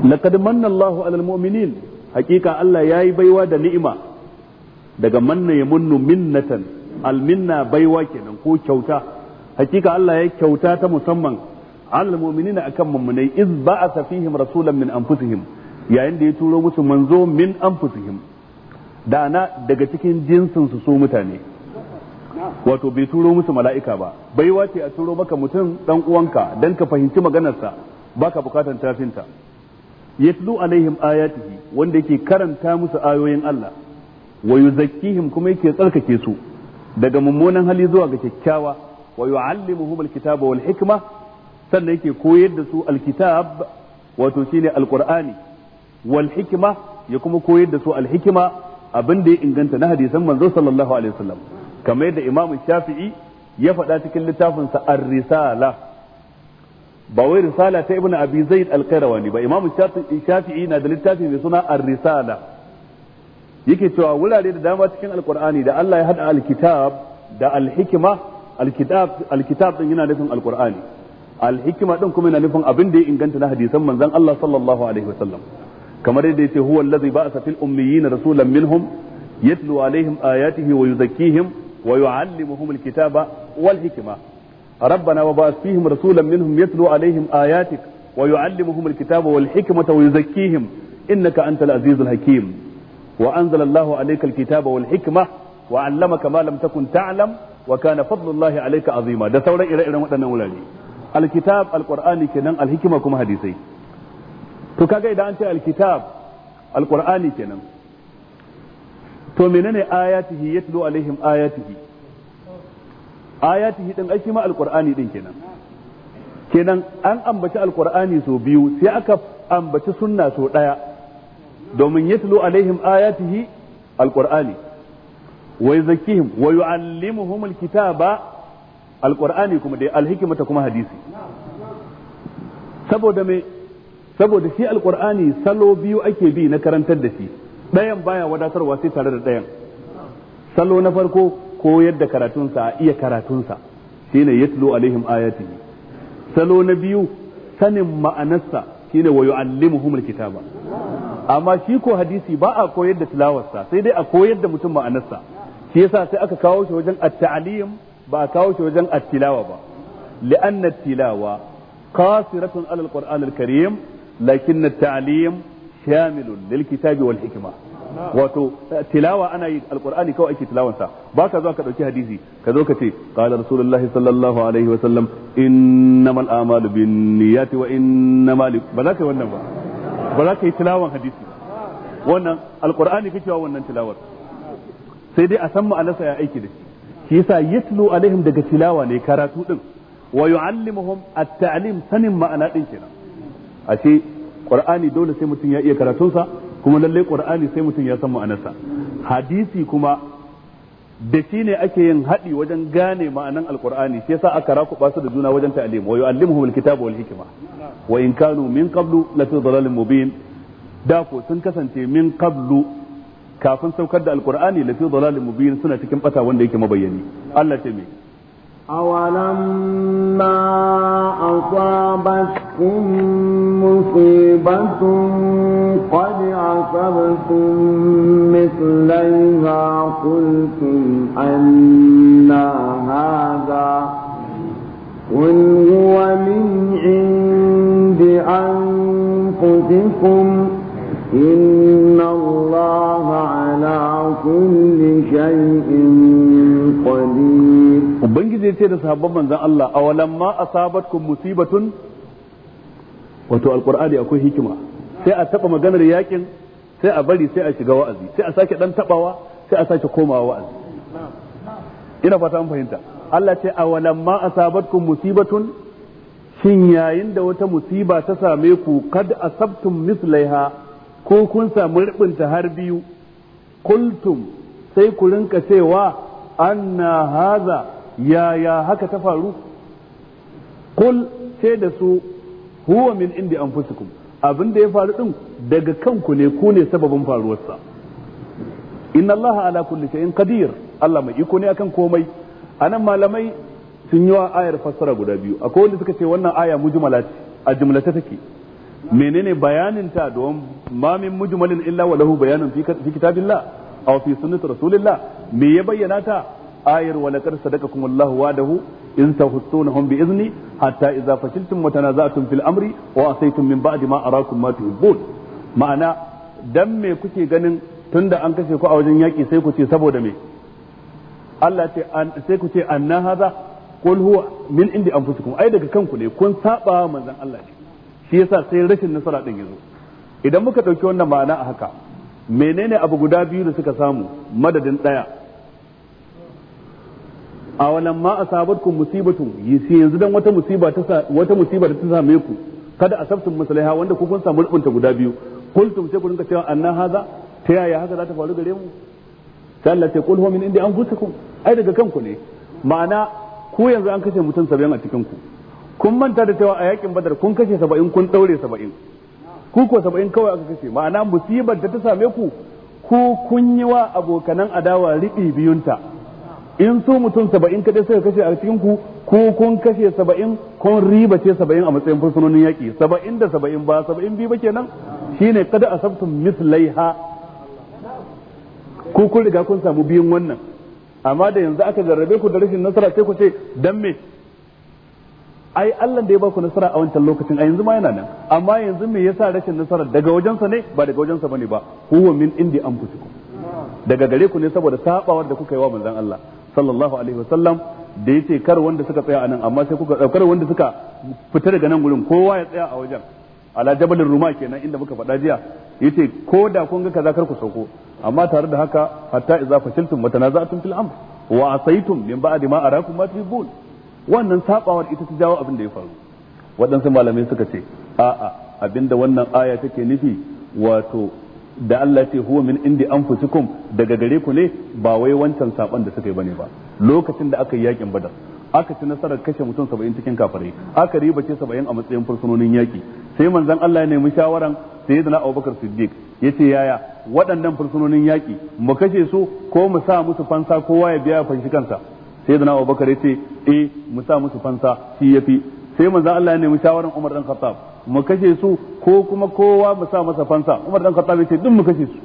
laqad manna Allahu 'alal mu'minin hakika Allah yayi baiwa da ni'ima daga manna ya munnu minnatan al minna baiwa kenan ko kyauta hakika Allah ya kyauta ta musamman 'alal mu'minina akan mummunai iz ba'atha fihim rasulan min anfusihim yayin da ya turo musu manzo min anfusihim dana daga cikin jinsin su so mutane wato bai turo musu mala'ika ba baiwa ce a turo maka mutum dan uwanka dan ka fahimci maganarsa baka bukatan tafinta yatlu alaihim ayatihi wanda yake karanta musu ayoyin Allah wa yuzakkihim kuma yake tsarkake su daga mummunan hali zuwa ga kyakkyawa wa yu'allimuhum alkitaba wal hikma sannan yake koyar da su alkitab wato shine alqur'ani wal hikma ya kuma koyar da su alhikima abin da ya inganta na hadisan manzo sallallahu alaihi wasallam kamar yadda shafi'i ya faɗa cikin littafinsa ar-risala ba wai risala ta ibnu abi zaid al-qayrawani ba imam shafi'i na da littafi mai suna ar-risala yake cewa wurare da dama cikin alqur'ani da Allah ya hada al-kitab da al-hikma al-kitab al-kitab din yana nufin alqur'ani al-hikma din kuma yana nufin abin da ya inganta na hadisan manzon Allah sallallahu alaihi wasallam kamar yadda yace huwa allazi ba'atha fil ummiyin rasulan minhum yatlu alaihim ayatihi wa yuzakkihim wa yu'allimuhum al-kitaba wal hikma ربنا وبعث فيهم رسولا منهم يتلو عليهم آياتك ويعلمهم الكتاب والحكمة ويزكيهم إنك أنت العزيز الحكيم وأنزل الله عليك الكتاب والحكمة وعلمك ما لم تكن تعلم وكان فضل الله عليك عظيما ده سورة إلى إلى مدن أولاني الكتاب القرآني كنن الحكمة كما حديثي to kaga idan an ce alkitab alqur'ani kenan to menene ayatihi yatlu alaihim ayatihi ayatihi din ai shi ma alqur'ani din kenan kenan an ambaci alqur'ani so biyu sai aka ambaci sunna so daya domin yatlu alaihim ayatihi alqur'ani wa yuzakkihim wa yuallimuhum alkitaba alqur'ani kuma dai alhikmata kuma hadisi saboda me saboda shi alqur'ani salo biyu ake bi na karantar da shi dayan baya wadatarwa sai tare da dayan salo na farko koyar da karatunsa a iya karatunsa shine yatlu alaihim ayatihi salo na biyu sanin ma'anarsa shine alli yu'allimuhum alkitaba amma shi ko hadisi ba a koyar da tilawarsa sai dai a koyar da mutum ma'anarsa shi yasa sai aka kawo shi wajen at-ta'lim ba a kawo shi wajen at-tilawa ba لأن التلاوة قاصرة على القرآن الكريم لكن التعليم شامل للكتاب والحكمة wato eh, tilawa ana yi alqur'ani kawai ake tilawansa ba ka zo ka dauki hadisi ka zo ka ce qala rasulullah sallallahu alaihi wa sallam innamal a'malu binniyati wa innamal ba za ka yi wannan ba ba za ka yi tilawan hadisi wannan alqur'ani kake wa wannan tilawar sai dai a san ma'anarsa ya aiki da shi yasa yatlu alaihim daga tilawa ne karatu din wa yu'allimuhum at-ta'lim sanin ma'ana din kenan ashe qur'ani dole sai mutum ya iya karatunsa kuma lallai qur'ani sai mutum ya san ma'anarsa hadisi kuma da shi ne ake yin haɗi wajen gane ma'anan alqur'ani sai yasa aka rakuba su da juna wajen ta'lim wa yu'allimuhum alkitaba wal hikma wa in kanu min qablu la fi dhalalin mubin da ko sun kasance min qablu kafin saukar da alqur'ani la fi dhalalin mubin suna cikin bata wanda yake mabayyani Allah ce mai أولما أصابتكم مصيبة قد عصبتم مثليها قلتم أنا هذا قل هو من عند أنفسكم إن الله على كل شيء قدير ubangiji ce da sahabban manzon Allah awalam ma asabatkum musibatun wato alqur'ani akwai hikima sai a taba maganar yakin sai a bari sai a shiga wa'azi sai a sake dan tabawa sai a sake komawa wa'azi ina fata an fahimta Allah ce awalam ma asabatkum musibatun shin yayin da wata musiba ta same ku kad asabtum mislaiha ko kun samu ribinta har biyu kultum sai ku rinka cewa anna haza yaya haka ta faru kul sai da su huwa min indi anfusikum abin da ya faru din daga kanku ne ku ne sababin faruwarsa inna allaha ala kulli shay'in qadir Allah mai iko ne akan komai anan malamai sun yi wa ayar fassara guda biyu akwai wanda suka ce wannan aya mujmala a jumlata take menene bayanin ta don ma min mujmalin illa wa lahu bayanun fi kitabillah aw fi sunnati rasulillah me ya bayyana ta ayar wa laqad sadaqakum Allahu dahu in tahussunahum bi izni hatta idza fashiltum wa tanaza'tum fil amri wa asaytum min ba'di ma arakum ma tuhibbun ma'ana dan me kuke ganin tunda an kashe ku a wajen yaki sai ku ce saboda me Allah ce sai ku ce anna hadha qul huwa min indi anfusikum ai daga kanku ne kun saba manzon Allah ne shi yasa sai rashin nasara din yazo idan muka dauki wannan ma'ana a haka menene abu guda biyu da suka samu madadin daya a walan ma asabatkum musibatu yasi yanzu dan wata musiba ta wata musiba ta same ku kada asabtum maslaha wanda ku kun samu rubunta guda biyu kultum sai ku rinka cewa anna haza ta yaya haka za ta faru gare mu sai Allah ta kulhu min indi anfusakum ai daga kanku ne ma'ana ku yanzu an kashe mutum 70 a cikin ku kun manta da cewa a yakin badar kun kashe 70 kun daure 70 ku ko 70 kawai aka kashe ma'ana musibar da ta same ku ku kun yi wa abokanan adawa riɓi biyunta in su mutum saba'in kadai suka kashe a cikin ku ko kun kashe saba'in kun riba ce saba'in a matsayin fursunonin yaƙi saba'in da saba'in ba saba'in biyu ba kenan shine kada a asabtum mislaiha ko kun riga kun samu biyun wannan amma da yanzu aka jarrabe ku da rashin nasara sai ku ce dan me ai Allah da ya baku nasara a wancan lokacin a yanzu ma yana nan amma yanzu me yasa rashin nasara daga wajensa ne ba daga wajensa bane ba huwa min indi anfusikum daga gare ku ne saboda sabawar da kuka yi wa manzon Allah sallallahu alaihi wasallam da yace kar wanda suka tsaya anan amma sai kuka daukar wanda suka fita daga nan gurin kowa ya tsaya a wajen ala jabalin ruma kenan inda muka faɗa jiya yace ko da kun ga kaza kar ku sauko amma tare da haka hatta idza fashiltum wa tanaza'tum fil amr wa asaytum min ba'di ma arakum ma tuhibbun wannan sabawar ita ta jawo abin da ya faru waɗansu malamai suka ce a'a abinda wannan aya take nufi wato da Allah ce huwa min indi anfusikum daga gare ku ne ba wai wancan sabon da suka yi bane ba lokacin da aka yi yakin badar aka ci nasarar kashe mutum 70 cikin kafirai aka riba ce 70 a matsayin fursunonin yaki sai manzon Allah ya nemi shawaran sayyidina Abubakar Siddiq yace yaya waɗannan fursunonin yaki mu kashe su ko mu sa musu fansa kowa ya biya fanshi kansa sayyidina Abubakar yace eh mu sa musu fansa shi yafi sai manzon Allah ya nemi shawaran Umar dan Khattab mu kashe su ko kuma kowa mu sa masa fansa Umar dan Khattab yace duk mu kashe su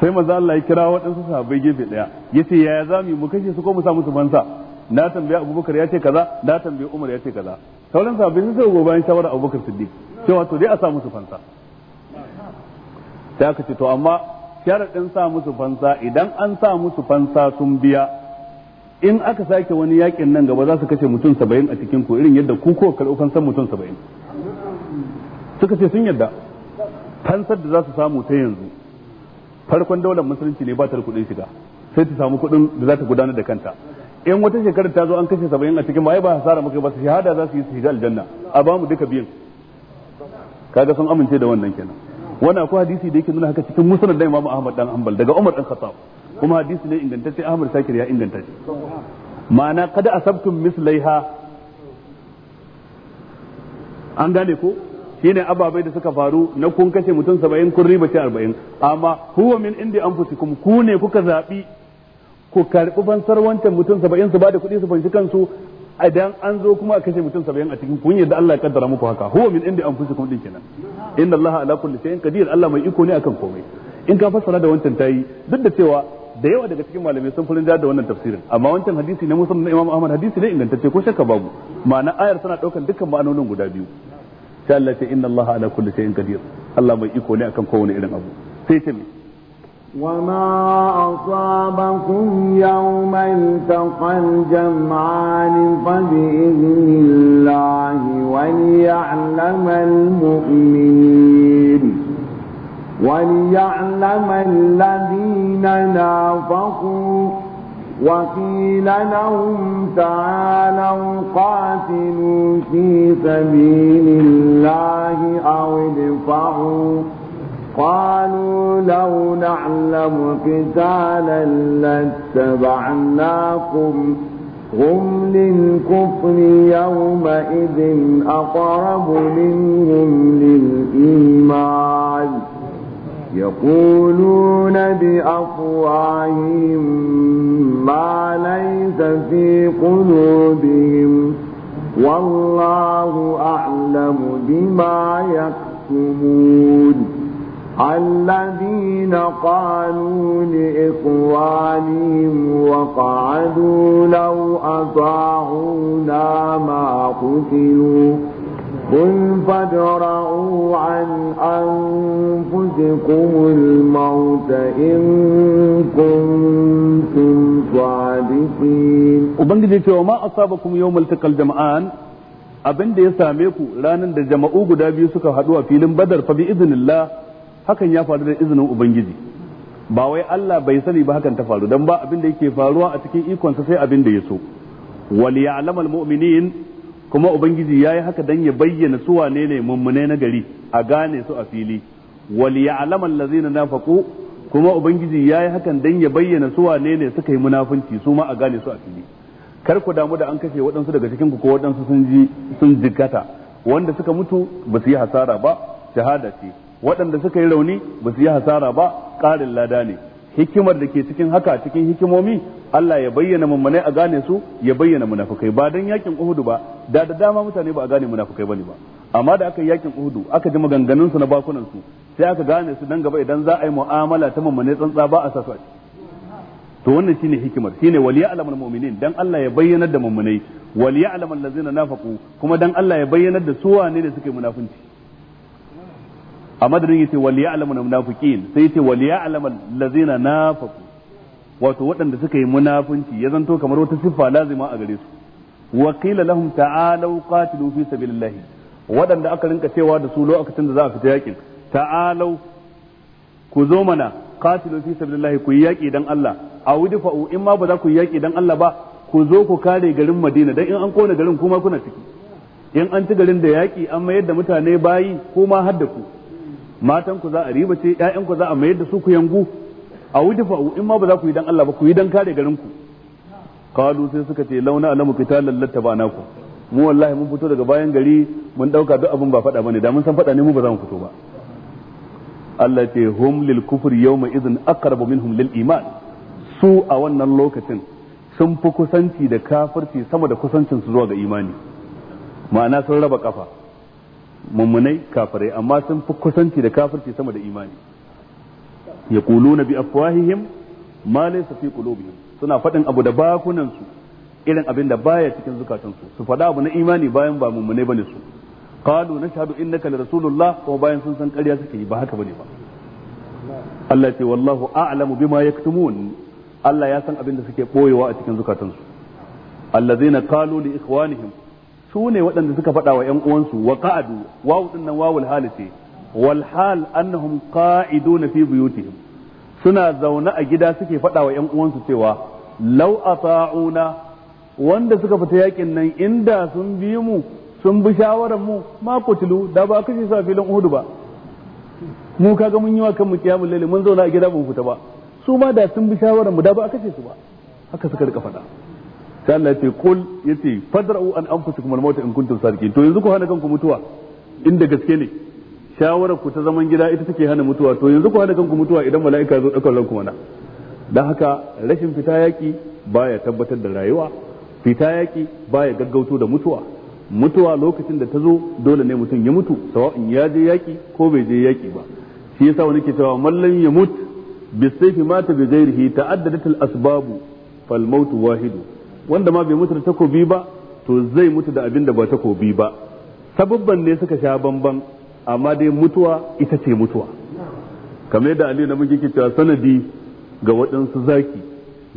sai manzo Allah ya kira waɗansu sahabbai gefe daya yace yaya zamu mu kashe su ko mu sa musu fansa na tambaya Abubakar ya ce kaza na tambaye Umar ya ce kaza sauran sahabbai sun sai bayan shawara Abubakar Siddiq cewa to dai a sa musu fansa sai aka ce to amma sharadin sa musu fansa idan an sa musu fansa sun biya in aka sake wani yakin nan gaba za su kashe mutum saba'in a cikin ku irin yadda ku ko karɓi san mutum saba'in suka ce sun yadda fansar da za su samu ta yanzu farkon daular musulunci ne ba ta da kuɗin shiga sai ta samu kuɗin da za ta gudanar da kanta in wata shekarar ta zo an kashe saba'in a cikin ba ai ba hasara muka ba su shahada za su yi su shiga aljanna a ba mu duka biyan kaga sun amince da wannan kenan wannan akwai hadisi da yake nuna haka cikin musnad da Imam Ahmad dan Hanbal daga Umar dan Khattab kuma hadisi ne ingantacce Ahmad Sakir ya inganta shi ma'ana kada asabtum mislaiha an gane ko shine ababai da suka faru na kun kashe mutum saba'in kun riba ce arba'in amma huwa min indi anfusikum ku ne kuka zaɓi ku karbi fansar wancan mutum saba'in su ba da kuɗi su fanshi kansu idan an zo kuma a kashe mutum saba'in a cikin kun yadda Allah ya kaddara muku haka huwa min indi anfusikum din kenan inna Allah ala kulli shay'in qadir Allah mai iko ne akan komai in ka fassara da wancan tayi duk da cewa da yawa daga cikin malamai sun furin da wannan tafsirin amma wancan hadisi ne musamman na Imam Ahmad hadisi ne ingantacce ko shakka babu ma'ana ayar tana daukan dukkan ma'anonin guda biyu sai Allah ce inna Allah ala kulli shay'in qadir Allah mai iko ne akan kowane irin abu sai ce وما أصابكم يوم التقى الجمعان فبإذن الله وليعلم المؤمنين وليعلم الذين نافقوا وقيل لهم تعالوا قاتلوا في سبيل الله أو ادفعوا قالوا لو نعلم قتالا لاتبعناكم هم للكفر يومئذ أقرب منهم للإيمان يقولون بأفواههم ما ليس في قلوبهم والله أعلم بما يكتمون الذين قالوا لإخوانهم وقعدوا لو أطاعونا ما قتلوا قل فادرعوا عن أنفسهم يحييكم الموت إن كنتم صادقين وبنجي في وما أصابكم يوم التقى الجمعان abin da ya same ku ranar da jama'u guda biyu suka haɗu a filin badar fa bi iznillah hakan ya faru da izinin ubangiji ba wai Allah bai sani ba hakan ta faru dan ba abin da yake faruwa a cikin ikonsa sai abin da ya so wal ya'lamal mu'minin kuma ubangiji yayi haka dan ya bayyana su wane ne mummune na gari a gane su a fili wal ya'lamu allazina nafaqu kuma ubangiji yayi hakan dan ya bayyana su wane ne suka yi munafunci su ma a gane su a fili kar ku damu da an kashe waɗansu daga cikin ku ko waɗansu sun ji sun jikata wanda suka mutu ba su yi hasara ba shahada ce waɗanda suka yi rauni ba su yi hasara ba ƙarin lada ne hikimar da ke cikin haka cikin hikimomi Allah ya bayyana mummune a gane su ya bayyana munafukai ba dan yakin uhudu ba da da dama mutane ba a gane munafukai bane ba amma da aka yi yakin uhudu aka ji maganganun su na bakunan su sai aka gane su nan gaba idan za a yi mu'amala ta mamane tsantsa ba a sasa to wannan shine hikimar shine waliya alamul mu'minin dan Allah ya bayyanar da mummunai waliya alamul ladzina nafaqu kuma dan Allah ya bayyanar da su wane ne suke munafunci a madadin yace waliya alamul munafiqin sai yace waliya alamul ladzina nafaqu wato waɗanda suka yi munafunci ya zanto kamar wata siffa lazima a gare su wa qila lahum ta'alu qatilu fi sabilillahi waɗanda aka rinka cewa da su lokacin da za a fita yakin ta'alau ku zo mana qatilu fi sabilillahi ku yi yaki dan Allah a wudfa'u in ma ba za ku yi yaki dan Allah ba ku zo ku kare garin Madina dan in an kona garin kuma kuna ciki in an ci garin da yaki an mayar da mutane bayi kuma har da ku matan ku za a riba ce ƴaƴan ku za a mayar da su ku yangu a wudfa'u in ma ba za ku yi dan Allah ba ku yi dan kare garin ku qalu sai suka ce launa alamu qitalan lattabanaku mu wallahi mun fito daga bayan gari mun dauka duk abin ba faɗa bane da mun san faɗa ne mu ba za mu fito ba Allah ce hum lil kufr yawma idhin aqrabu minhum lil iman su a wannan lokacin sun fi kusanci da kafirci sama da kusancin su zuwa ga imani ma'ana sun raba kafa mummunai kafirai amma sun fi kusanci da kafirci sama da imani yaquluna bi afwahihim ma laysa fi qulubihim suna faɗin abu da bakunan su irin abin da baya cikin zukatansu su faɗa abu na imani bayan ba mummune bane su qalu nashhadu innaka rasulullah kuma bayan sun san ƙarya suke yi ba haka bane ba Allah ce wallahu a'lamu bima yaktumun Allah ya san abin da suke boyewa a cikin zukatansu allazina qalu li ikhwanihim su ne waɗanda suka faɗa wa ƴan uwansu wa qa'adu wawu dinnan wawul halisi wal hal annahum qa'iduna fi buyutihim suna zaune a gida suke faɗa wa ƴan uwansu cewa law ata'una wanda suka fita yakin nan inda sun bi mu sun bi shawaran mu ma kutulu da ba kashe su a filin Uhud ba mu kaga mun yi wa kanmu kiyamul laili mun zauna a gida mun fita ba su ma da sun bi shawaran mu da ba kashe su ba haka suka rika faɗa sai Allah ya ce qul yace fadra'u an anfusukum al-maut in kuntum sadiqin to yanzu ku hana kanku mutuwa inda gaske ne shawarar ku ta zaman gida ita take hana mutuwa to yanzu ku hana kanku mutuwa idan mala'ika zo daukar ranku mana dan haka rashin fita yaki baya tabbatar da rayuwa fita yaki baya gaggauto da mutuwa mutuwa lokacin da ta zo dole ne mutum ya mutu sawa'in ya je yaki ko bai je yaki ba shi yasa wani ke cewa mallan ya mut bisayfi mata bi ghairihi ta'addadat al asbabu fal maut wahidu wanda ma bai mutu da takobi ba to zai mutu da abin da ba takobi ba sababban ne suka sha bamban amma dai mutuwa ita ce mutuwa kamar yadda Ali na muke cewa sanadi ga waɗansu zaki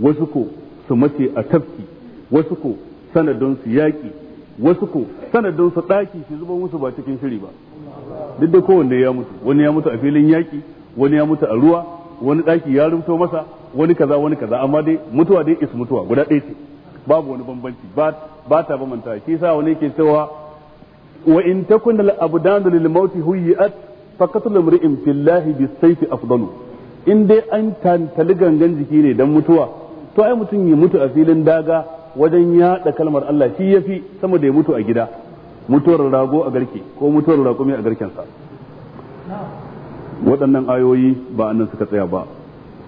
wasu ko su mace a tafki wasu ko sanadin su yaƙi wasu ko sanadin su ɗaki shi zuba musu ba cikin shiri ba duk da kowanne ya mutu wani ya mutu a filin yaƙi wani ya mutu a ruwa wani ɗaki ya rumto masa wani kaza wani kaza amma dai mutuwa dai is mutuwa guda ɗaya ce babu wani bambanci ba ta bamanta shi sa wani ke cewa wa in takun al abdanu lil mauti huyiat fa qatl imri'in fillahi bis sayfi afdalu in dai an tantali gangan jiki ne dan mutuwa to ai mutum ya mutu a filin daga wajen yaɗa kalmar Allah shi fi sama da ya mutu a gida mutuwar rago a garke ko mutuwar raƙumi a garkensa waɗannan ayoyi ba annan suka tsaya ba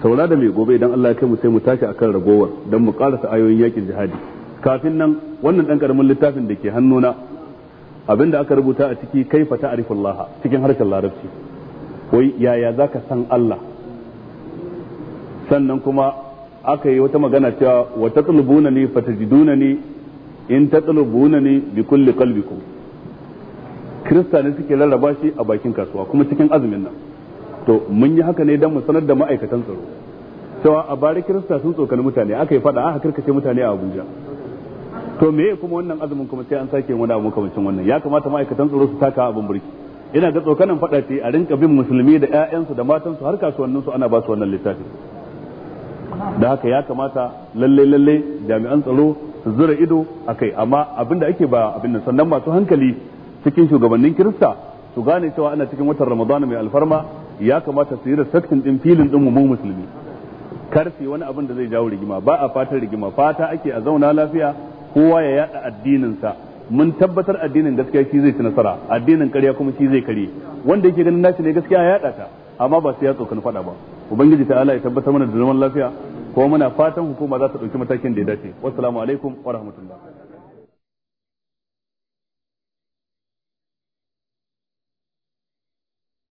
saura da mai gobe idan Allah ya kai mu sai mu tashi akan ragowar don mu karasa ayoyin yakin jihadi kafin nan wannan ɗan karamin littafin da ke hannuna da aka rubuta a ciki kai kaifa ta'rifullah cikin harshen larabci wai yaya zaka san Allah sannan kuma aka yi wata magana cewa wa tatlubunani ni in tatlubunani bi kulli qalbikum krista ne suke rarraba shi a bakin kasuwa kuma cikin azumin nan to mun yi haka ne dan mu sanar da ma'aikatan tsaro cewa a bari krista sun tsokani mutane aka yi fada aka karkace mutane a Abuja to me kuma wannan azumin kuma sai an sake wani abu makamancin wannan ya kamata ma'aikatan tsaro su taka abin burki ina ga tsokanan fada ce a rinka bin musulmi da 'ya'yansu da matansu har kasuwanninsu ana ba su wannan littafin da haka ya kamata lalle lalle jami'an tsaro su zura ido akai amma abin da ake ba abin nan sannan masu hankali cikin shugabannin kirista su gane cewa ana cikin watan ramadana mai alfarma ya kamata su yi sakcin din filin din mu musulmi karfe wani abin da zai jawo rigima ba a fatan rigima fata ake a zauna lafiya kowa ya yada addininsa mun tabbatar addinin gaskiya shi zai ci nasara addinin karya kuma shi zai kare wanda yake ganin nashi ne gaskiya ya yada ta amma ba su ya kan fada ba ubangiji ta ya tabbatar mana da zaman lafiya kuma muna fatan hukuma za ta ɗauki matakin da ya dace wassalamu alaikum wa rahmatullah